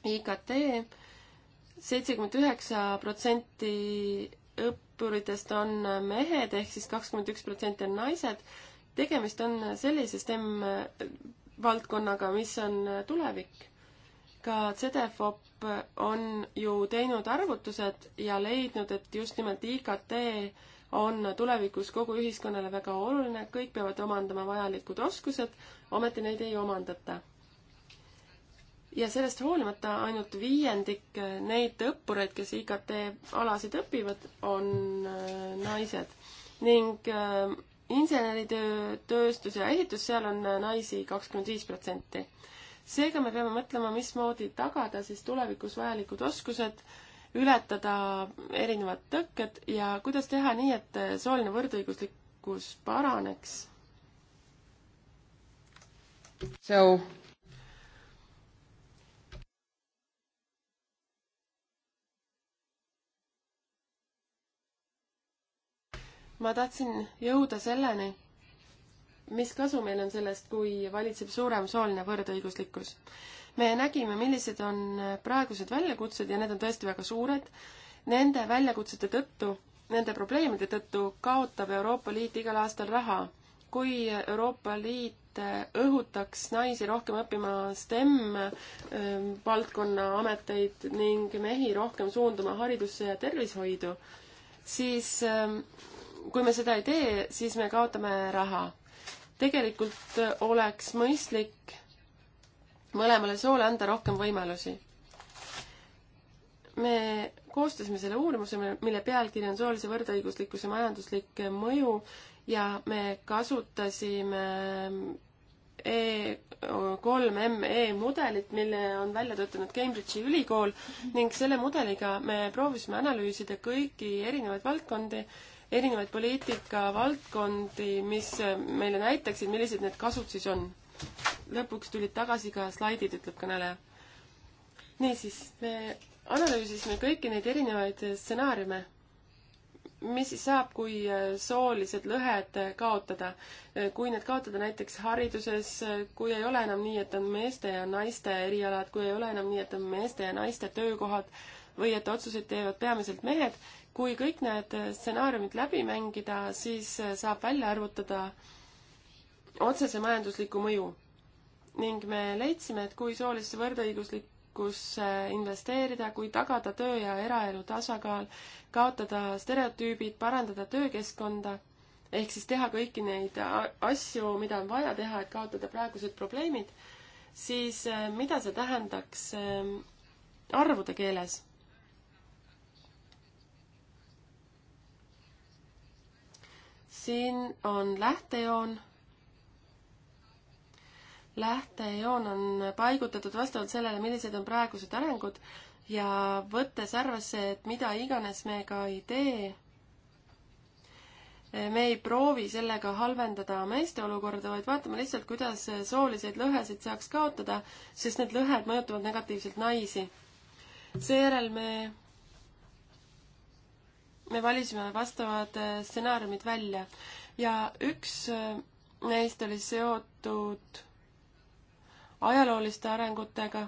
IKT, seitsekümmend üheksa protsenti õppuritest on mehed ehk siis kakskümmend üks protsenti on naised. tegemist on sellise STEM valdkonnaga, mis on tulevik. ka CDFOP on ju teinud arvutused ja leidnud, et just nimelt IKT on tulevikus kogu ühiskonnale väga oluline, kõik peavad omandama vajalikud oskused, ometi neid ei omandata ja sellest hoolimata ainult viiendik neid õppureid, kes IKT alasid õpivad, on äh, naised. ning äh, inseneritöö, tööstus ja ehitus, seal on äh, naisi kakskümmend viis protsenti. seega me peame mõtlema, mismoodi tagada siis tulevikus vajalikud oskused, ületada erinevad tõkked ja kuidas teha nii, et sooline võrdõiguslikkus paraneks. So ma tahtsin jõuda selleni, mis kasu meil on sellest, kui valitseb suurem sooline võrdõiguslikkus. me nägime, millised on praegused väljakutsed ja need on tõesti väga suured. Nende väljakutsete tõttu, nende probleemide tõttu kaotab Euroopa Liit igal aastal raha. kui Euroopa Liit õhutaks naisi rohkem õppima STEM ähm, valdkonna ameteid ning mehi rohkem suunduma haridusse ja tervishoidu, siis ähm, kui me seda ei tee, siis me kaotame raha. tegelikult oleks mõistlik mõlemale soole anda rohkem võimalusi. me koostasime selle uurimuse, mille pealkiri on soolise võrdõiguslikkuse majanduslik mõju ja me kasutasime E3ME e mudelit, mille on välja töötanud Cambridge'i ülikool ning selle mudeliga me proovisime analüüsida kõiki erinevaid valdkondi erinevaid poliitikavaldkondi, mis meile näitaksid, millised need kasud siis on. lõpuks tulid tagasi ka slaidid, ütleb kõneleja. niisiis, me analüüsisime kõiki neid erinevaid stsenaariume mis siis saab, kui soolised lõhed kaotada? kui need kaotada näiteks hariduses, kui ei ole enam nii, et on meeste ja naiste erialad, kui ei ole enam nii, et on meeste ja naiste töökohad või et otsuseid teevad peamiselt mehed, kui kõik need äh, stsenaariumid läbi mängida, siis äh, saab välja arvutada otsese majandusliku mõju. ning me leidsime, et kui soolisse võrdõiguslikkusse investeerida, kui tagada töö ja eraelu tasakaal, kaotada stereotüübid, parandada töökeskkonda, ehk siis teha kõiki neid äh, asju, mida on vaja teha, et kaotada praegused probleemid, siis mida see tähendaks arvude keeles siin on lähtejoon. lähtejoon on paigutatud vastavalt sellele, millised on praegused arengud ja võttes arvesse, et mida iganes me ka ei tee, me ei proovi sellega halvendada meeste olukorda, vaid vaatame lihtsalt, kuidas sooliseid lõhesid saaks kaotada, sest need lõhed mõjutavad negatiivselt naisi. seejärel me me valisime vastavad äh, stsenaariumid välja ja üks äh, neist oli seotud ajalooliste arengutega.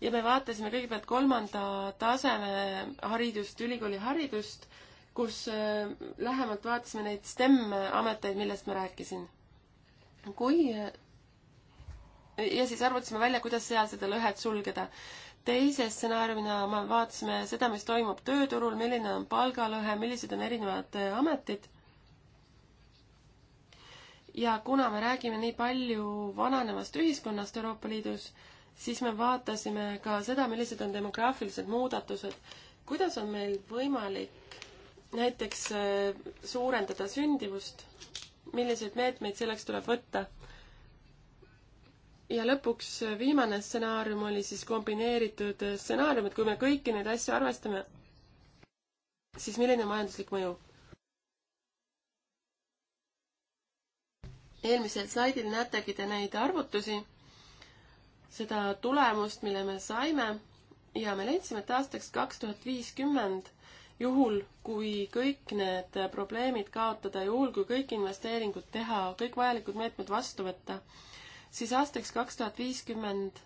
ja me vaatasime kõigepealt kolmanda taseme haridust, ülikooli haridust, kus äh, lähemalt vaatasime neid STEM ameteid, millest ma rääkisin. kui ja siis arvutasime välja, kuidas seal seda lõhet sulgeda teise stsenaariumina me vaatasime seda, mis toimub tööturul, milline on palgalõhe, millised on erinevad äh, ametid. ja kuna me räägime nii palju vananevast ühiskonnast Euroopa Liidus, siis me vaatasime ka seda, millised on demograafilised muudatused, kuidas on meil võimalik näiteks äh, suurendada sündivust, milliseid meetmeid selleks tuleb võtta ja lõpuks viimane stsenaarium oli siis kombineeritud stsenaarium, et kui me kõiki neid asju arvestame, siis milline majanduslik mõju? eelmisel slaidil näetegi te neid arvutusi, seda tulemust, mille me saime ja me leidsime, et aastaks kaks tuhat viiskümmend juhul, kui kõik need probleemid kaotada, juhul kui kõik investeeringud teha, kõik vajalikud meetmed vastu võtta, siis aastaks kaks tuhat viiskümmend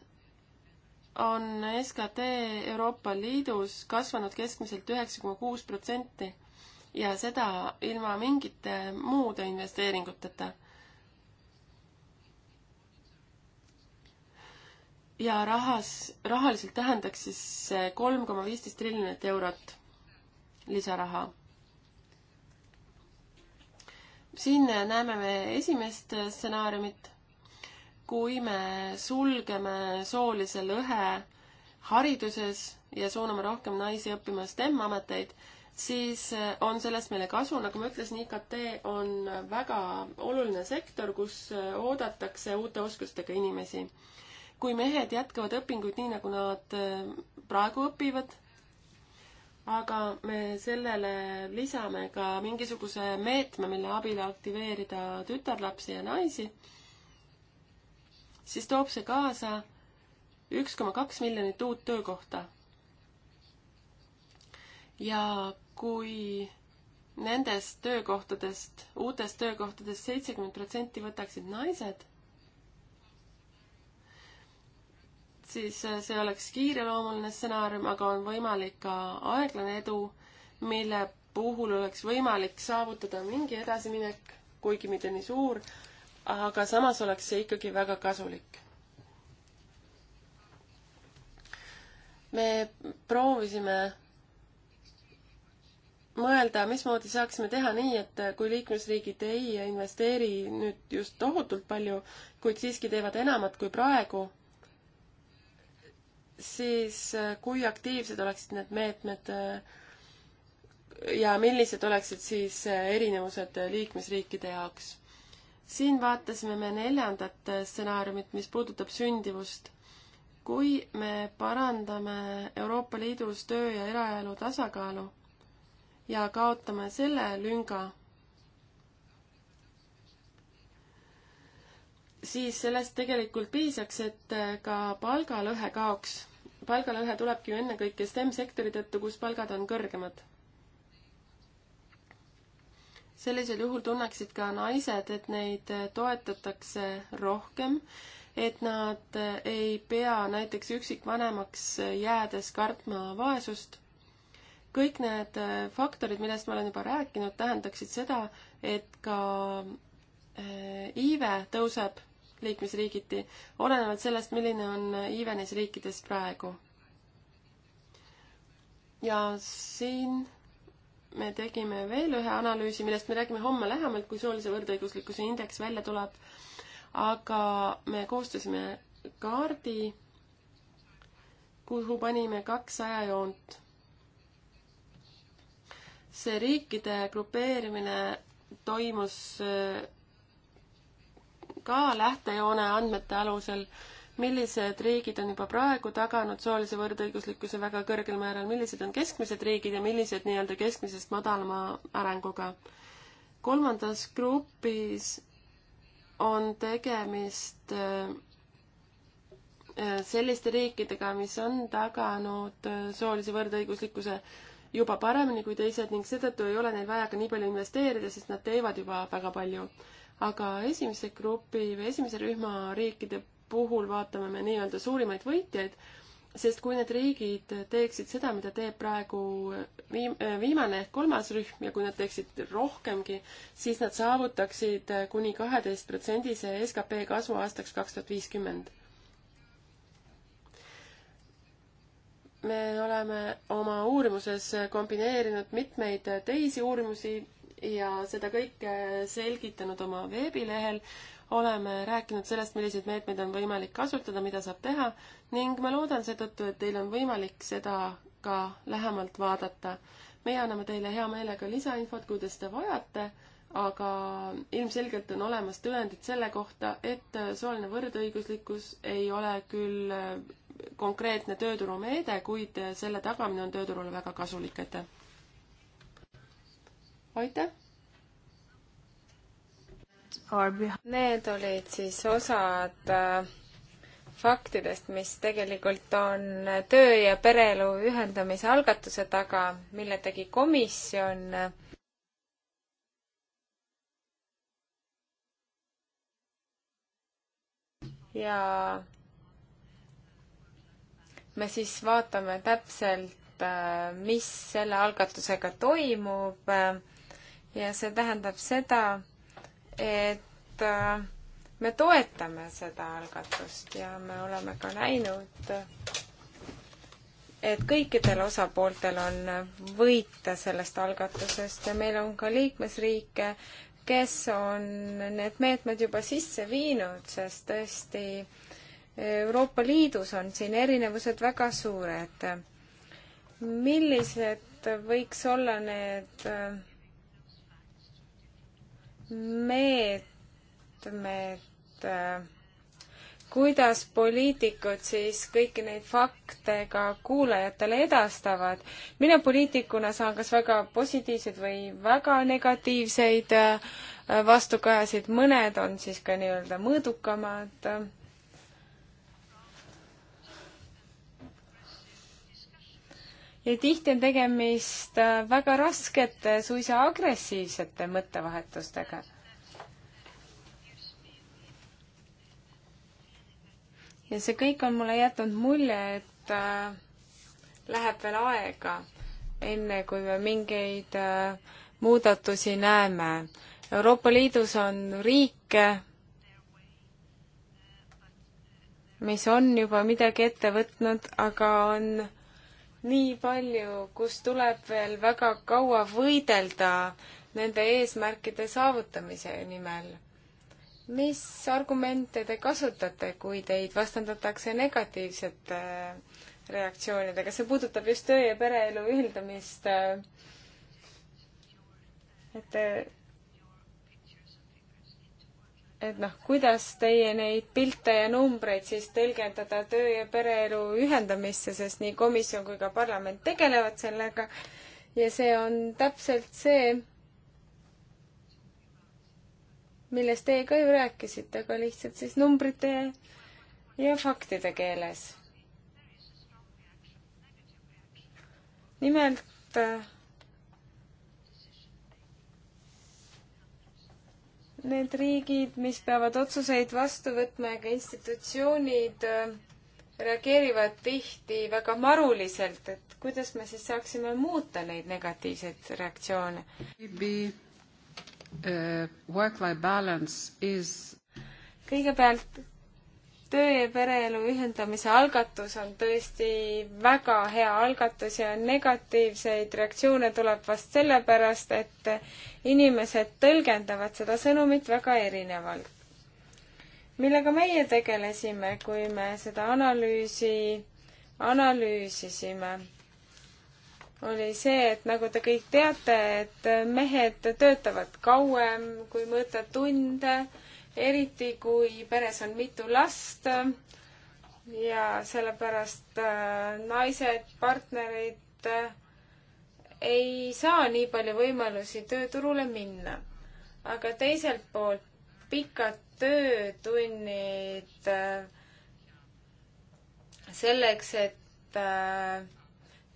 on SKT Euroopa Liidus kasvanud keskmiselt üheksa koma kuus protsenti ja seda ilma mingite muude investeeringuteta. ja rahas, rahaliselt tähendaks siis see kolm koma viisteist triljonit eurot lisaraha siin näeme me esimest stsenaariumit kui me sulgeme soolise lõhe hariduses ja suuname rohkem naisi õppima STEM-ameteid, siis eh, on sellest meile kasu, nagu ma ütlesin, IKT on väga oluline sektor, kus eh, oodatakse uute oskustega inimesi. kui mehed jätkavad õpinguid nii, nagu nad eh, praegu õpivad, aga me sellele lisame ka mingisuguse meetme, mille abil aktiveerida tütarlapsi ja naisi siis toob see kaasa üks koma kaks miljonit uut töökohta. ja kui nendest töökohtadest, uutest töökohtadest seitsekümmend protsenti võtaksid naised, siis äh, see oleks kiireloomuline stsenaarium, aga on võimalik ka aeglane edu, mille puhul oleks võimalik saavutada mingi edasiminek, kuigi mitte nii suur, aga samas oleks see ikkagi väga kasulik. me proovisime mõelda, mismoodi saaksime teha nii, et kui liikmesriigid ei investeeri nüüd just tohutult palju, kuid siiski teevad enamat kui praegu, siis kui aktiivsed oleksid need meetmed ja millised oleksid siis erinevused liikmesriikide jaoks? siin vaatasime me neljandat stsenaariumit, mis puudutab sündivust. kui me parandame Euroopa Liidus töö ja eraelu tasakaalu ja kaotame selle lünga, siis sellest tegelikult piisaks, et ka palgalõhe kaoks. palgalõhe tulebki ju ennekõike STEM sektori tõttu, kus palgad on kõrgemad sellisel juhul tunneksid ka naised, et neid äh, toetatakse rohkem, et nad äh, ei pea näiteks üksikvanemaks äh, jäädes kartma vaesust. kõik need faktorid, millest ma olen juba rääkinud, tähendaksid seda, et ka iive tõuseb liikmesriigiti, olenevalt sellest, milline on iive neis riikides praegu. ja siin me tegime veel ühe analüüsi, millest me räägime homme lähemalt, kui soolise võrdõiguslikkuse indeks välja tuleb. aga me koostasime kaardi, kuhu panime kaks ajajoont. see riikide grupeerimine toimus äh, ka lähtejoone andmete alusel millised riigid on juba praegu taganud soolise võrdõiguslikkuse väga kõrgel määral, millised on keskmised riigid ja millised nii-öelda keskmisest madalama arenguga. kolmandas grupis on tegemist äh, äh, selliste riikidega, mis on taganud äh, soolise võrdõiguslikkuse juba paremini kui teised ning seetõttu ei ole neil vaja ka nii palju investeerida, sest nad teevad juba väga palju. aga esimese grupi või esimese rühma riikide puhul vaatame me nii-öelda suurimaid võitjaid, sest kui need riigid teeksid seda, mida teeb praegu viim-, äh, viimane ehk kolmas rühm ja kui nad teeksid rohkemgi, siis nad saavutaksid äh, kuni kaheteistprotsendise skp kasvu aastaks kaks tuhat viiskümmend. me oleme oma uurimuses kombineerinud mitmeid teisi uurimusi ja seda kõike selgitanud oma veebilehel oleme rääkinud sellest, milliseid meetmeid on võimalik kasutada, mida saab teha ning ma loodan seetõttu, et teil on võimalik seda ka lähemalt vaadata. meie anname teile hea meelega lisainfot, kui te seda vajate, aga ilmselgelt on olemas tõendid selle kohta, et sooline võrdõiguslikkus ei ole küll konkreetne tööturumeede, kuid selle tagamine on tööturule väga kasulik, aitäh! aitäh! Need olid siis osad äh, faktidest, mis tegelikult on töö ja pereelu ühendamise algatuse taga, mille tegi komisjon ja me siis vaatame täpselt, äh, mis selle algatusega toimub ja see tähendab seda, et äh, me toetame seda algatust ja me oleme ka näinud, et kõikidel osapooltel on võita sellest algatusest ja meil on ka liikmesriike, kes on need meetmed juba sisse viinud, sest tõesti Euroopa Liidus on siin erinevused väga suured. millised võiks olla need äh, meetmed, äh, kuidas poliitikud siis kõiki neid fakte ka kuulajatele edastavad. mina poliitikuna saan kas väga positiivseid või väga negatiivseid äh, vastukajasid, mõned on siis ka nii-öelda mõõdukamad ja tihti on tegemist äh, väga raskete, suisa agressiivsete mõttevahetustega. ja see kõik on mulle jätnud mulje, et äh, läheb veel aega, enne kui me mingeid äh, muudatusi näeme. Euroopa Liidus on riike, mis on juba midagi ette võtnud, aga on nii palju, kus tuleb veel väga kaua võidelda nende eesmärkide saavutamise nimel. mis argumente te kasutate, kui teid vastandatakse negatiivsete äh, reaktsioonidega, see puudutab just töö ja pereelu ühildamist. Äh, et äh, et noh, kuidas teie neid pilte ja numbreid siis tõlgendada töö ja pereelu ühendamisse, sest nii komisjon kui ka parlament tegelevad sellega. ja see on täpselt see, millest teie ka ju rääkisite, aga lihtsalt siis numbrite ja faktide keeles. nimelt Need riigid, mis peavad otsuseid vastu võtma ja ka institutsioonid äh, reageerivad tihti väga maruliselt, et kuidas me siis saaksime muuta neid negatiivseid reaktsioone? Uh, work-life balance is kõigepealt töö ja pereelu ühendamise algatus on tõesti väga hea algatus ja negatiivseid reaktsioone tuleb vast sellepärast, et inimesed tõlgendavad seda sõnumit väga erinevalt. millega meie tegelesime, kui me seda analüüsi analüüsisime, oli see, et nagu te kõik teate, et mehed töötavad kauem, kui mõõta tunde eriti kui peres on mitu last ja sellepärast äh, naised, partnerid äh, ei saa nii palju võimalusi tööturule minna. aga teiselt poolt pikad töötunnid äh, selleks, et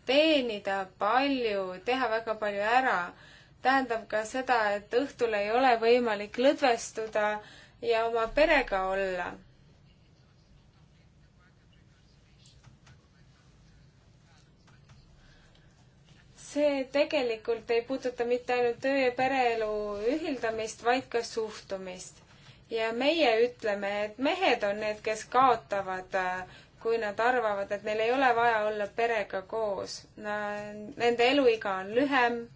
teenida palju, teha väga palju ära, tähendab ka seda, et õhtul ei ole võimalik lõdvestuda ja oma perega olla. see tegelikult ei puuduta mitte ainult töö ja pereelu ühildamist, vaid ka suhtumist. ja meie ütleme, et mehed on need, kes kaotavad, kui nad arvavad, et neil ei ole vaja olla perega koos. Nende eluiga on lühem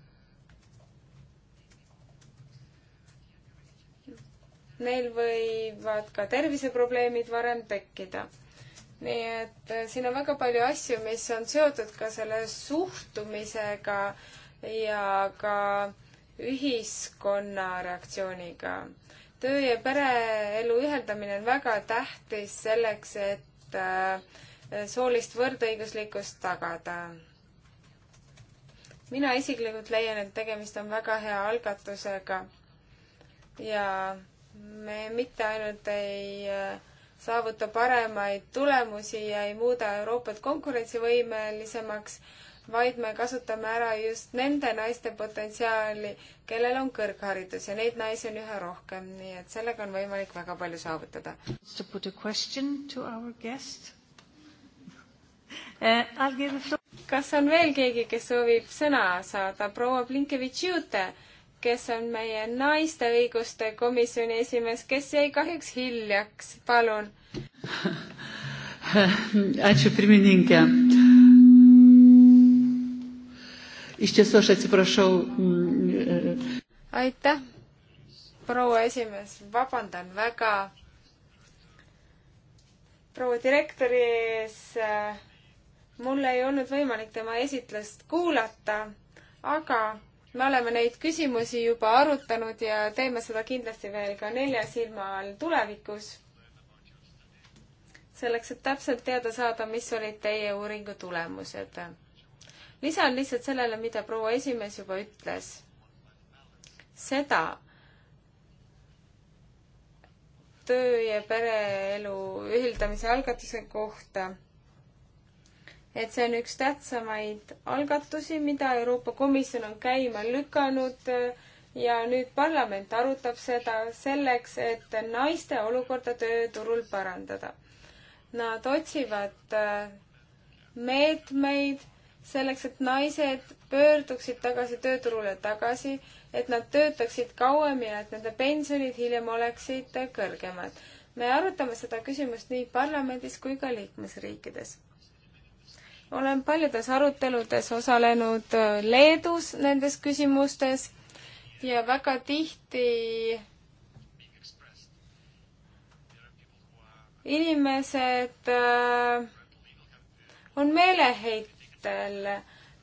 neil võivad ka terviseprobleemid varem tekkida. nii et äh, siin on väga palju asju, mis on seotud ka selle suhtumisega ja ka ühiskonna reaktsiooniga. töö ja pereelu ühendamine on väga tähtis selleks, et äh, soolist võrdõiguslikkust tagada. mina isiklikult leian, et tegemist on väga hea algatusega ja me mitte ainult ei äh, saavuta paremaid tulemusi ja ei muuda Euroopat konkurentsivõimelisemaks, vaid me kasutame ära just nende naiste potentsiaali, kellel on kõrgharidus ja neid naisi on üha rohkem, nii et sellega on võimalik väga palju saavutada. Uh, kas on veel keegi, kes soovib sõna saada? proua Blinkevitš-Jute kes on meie naiste õiguste komisjoni esimees, kes jäi kahjuks hiljaks, palun. Mm, e, aitäh, proua esimees, vabandan väga proua direktori ees. E, mul ei olnud võimalik tema esitlust kuulata, aga me oleme neid küsimusi juba arutanud ja teeme seda kindlasti veel ka nelja silma all tulevikus. selleks, et täpselt teada saada, mis olid teie uuringu tulemused. lisan lihtsalt sellele, mida proua esimees juba ütles. seda töö ja pereelu ühildamise algatuse kohta et see on üks tähtsamaid algatusi, mida Euroopa Komisjon on käima lükanud äh, ja nüüd parlament arutab seda selleks, et naiste olukorda tööturul parandada. Nad otsivad äh, meetmeid selleks, et naised pöörduksid tagasi tööturule tagasi, et nad töötaksid kauem ja et nende pensionid hiljem oleksid kõrgemad. me arutame seda küsimust nii parlamendis kui ka liikmesriikides olen paljudes aruteludes osalenud äh, Leedus nendes küsimustes ja väga tihti inimesed äh, on meeleheitel,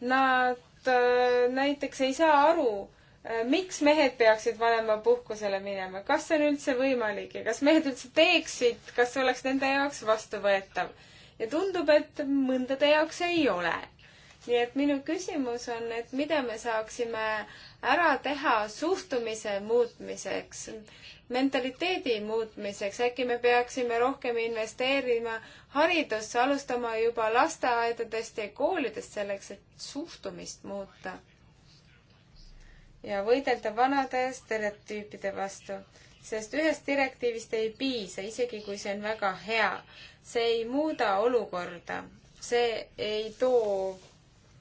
nad äh, näiteks ei saa aru äh,, miks mehed peaksid vanemapuhkusele minema, kas see on üldse võimalik ja kas mehed üldse teeksid, kas see oleks nende jaoks vastuvõetav ja tundub, et mõndade jaoks ei ole. nii et minu küsimus on, et mida me saaksime ära teha suhtumise muutmiseks, mentaliteedi muutmiseks, äkki me peaksime rohkem investeerima haridusse, alustama juba lasteaedadest ja koolidest selleks, et suhtumist muuta ja võidelda vanade stereotüüpide vastu sest ühest direktiivist ei piisa, isegi kui see on väga hea. see ei muuda olukorda, see ei too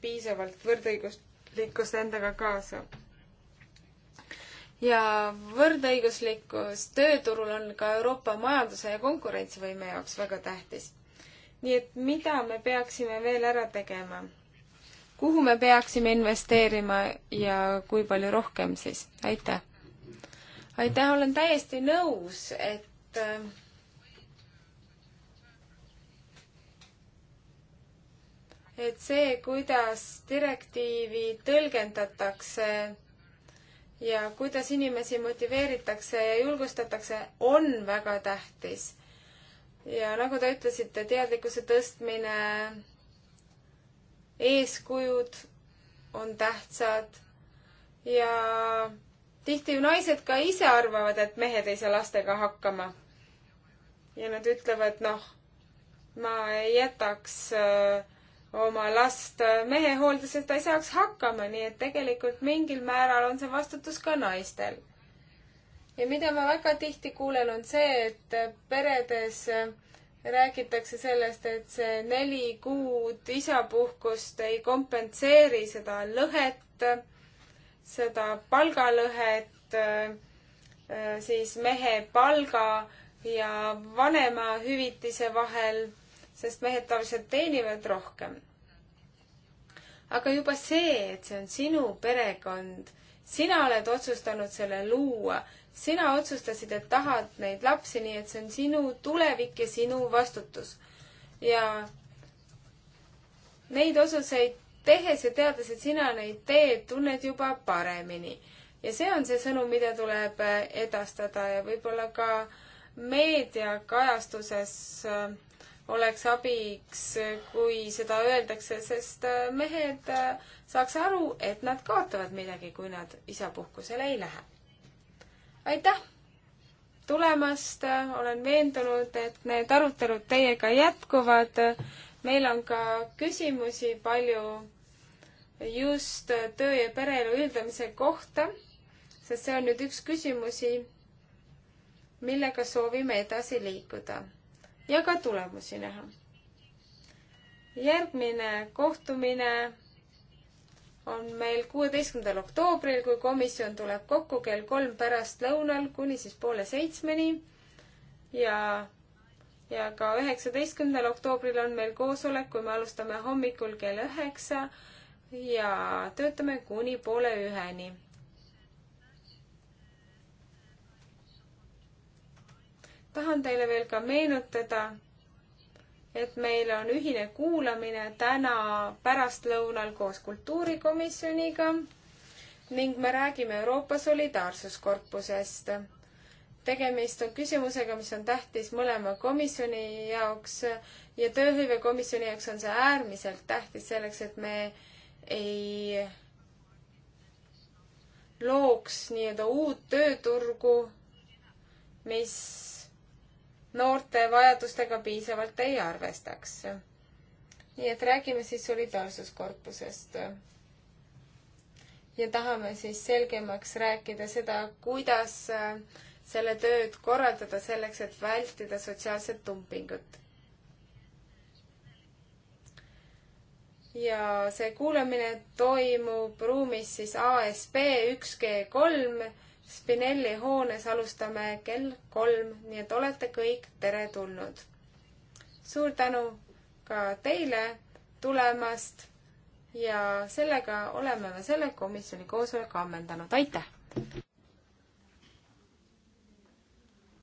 piisavalt võrdõiguslikkust endaga kaasa. ja võrdõiguslikkus tööturul on ka Euroopa majanduse ja konkurentsivõime jaoks väga tähtis. nii et mida me peaksime veel ära tegema? kuhu me peaksime investeerima ja kui palju rohkem siis? aitäh! aitäh, olen täiesti nõus, et äh, et see, kuidas direktiivi tõlgendatakse ja kuidas inimesi motiveeritakse ja julgustatakse, on väga tähtis. ja nagu te ütlesite, teadlikkuse tõstmine, eeskujud on tähtsad ja tihti ju naised ka ise arvavad, et mehed ei saa lastega hakkama. ja nad ütlevad, noh, ma ei jätaks äh, oma last äh, mehe hoolde, sest ta ei saaks hakkama, nii et tegelikult mingil määral on see vastutus ka naistel. ja mida ma väga tihti kuulen, on see, et äh, peredes räägitakse sellest, et see neli kuud isapuhkust ei kompenseeri seda lõhet seda palgalõhet, äh, siis mehe palga ja vanemahüvitise vahel, sest mehed tavaliselt teenivad rohkem. aga juba see, et see on sinu perekond, sina oled otsustanud selle luua, sina otsustasid, et tahad neid lapsi, nii et see on sinu tulevik ja sinu vastutus. ja neid otsuseid tehes ja teades, et sina neid teed, tunned juba paremini. ja see on see sõnum, mida tuleb äh, edastada ja võib-olla ka meediakajastuses äh, oleks abiks, äh, kui seda öeldakse, sest mehed saaks aru, et nad kaotavad midagi, kui nad isapuhkusele ei lähe. aitäh tulemast, olen veendunud, et need arutelud teiega jätkuvad meil on ka küsimusi palju just töö ja pereelu ühildamise kohta, sest see on nüüd üks küsimusi, millega soovime edasi liikuda ja ka tulemusi näha. järgmine kohtumine on meil kuueteistkümnendal oktoobril, kui komisjon tuleb kokku kell kolm pärastlõunal kuni siis poole seitsmeni ja ja ka üheksateistkümnendal oktoobril on meil koosolek, kui me alustame hommikul kell üheksa ja töötame kuni poole üheni. tahan teile veel ka meenutada, et meil on ühine kuulamine täna pärastlõunal koos kultuurikomisjoniga ning me räägime Euroopa solidaarsuskorpusest tegemist on küsimusega, mis on tähtis mõlema komisjoni jaoks ja tööhõivekomisjoni jaoks on see äärmiselt tähtis selleks, et me ei looks nii-öelda uut tööturgu, mis noorte vajadustega piisavalt ei arvestaks. nii et räägime siis solidaarsuskorpusest ja tahame siis selgemaks rääkida seda, kuidas selle tööd korraldada selleks, et vältida sotsiaalset dumpingut. ja see kuulamine toimub ruumis siis ASB üks G kolm Spinelli hoones alustame kell kolm, nii et olete kõik teretulnud. suur tänu ka teile tulemast ja sellega oleme me selle komisjoni koosoleku ammendanud, aitäh!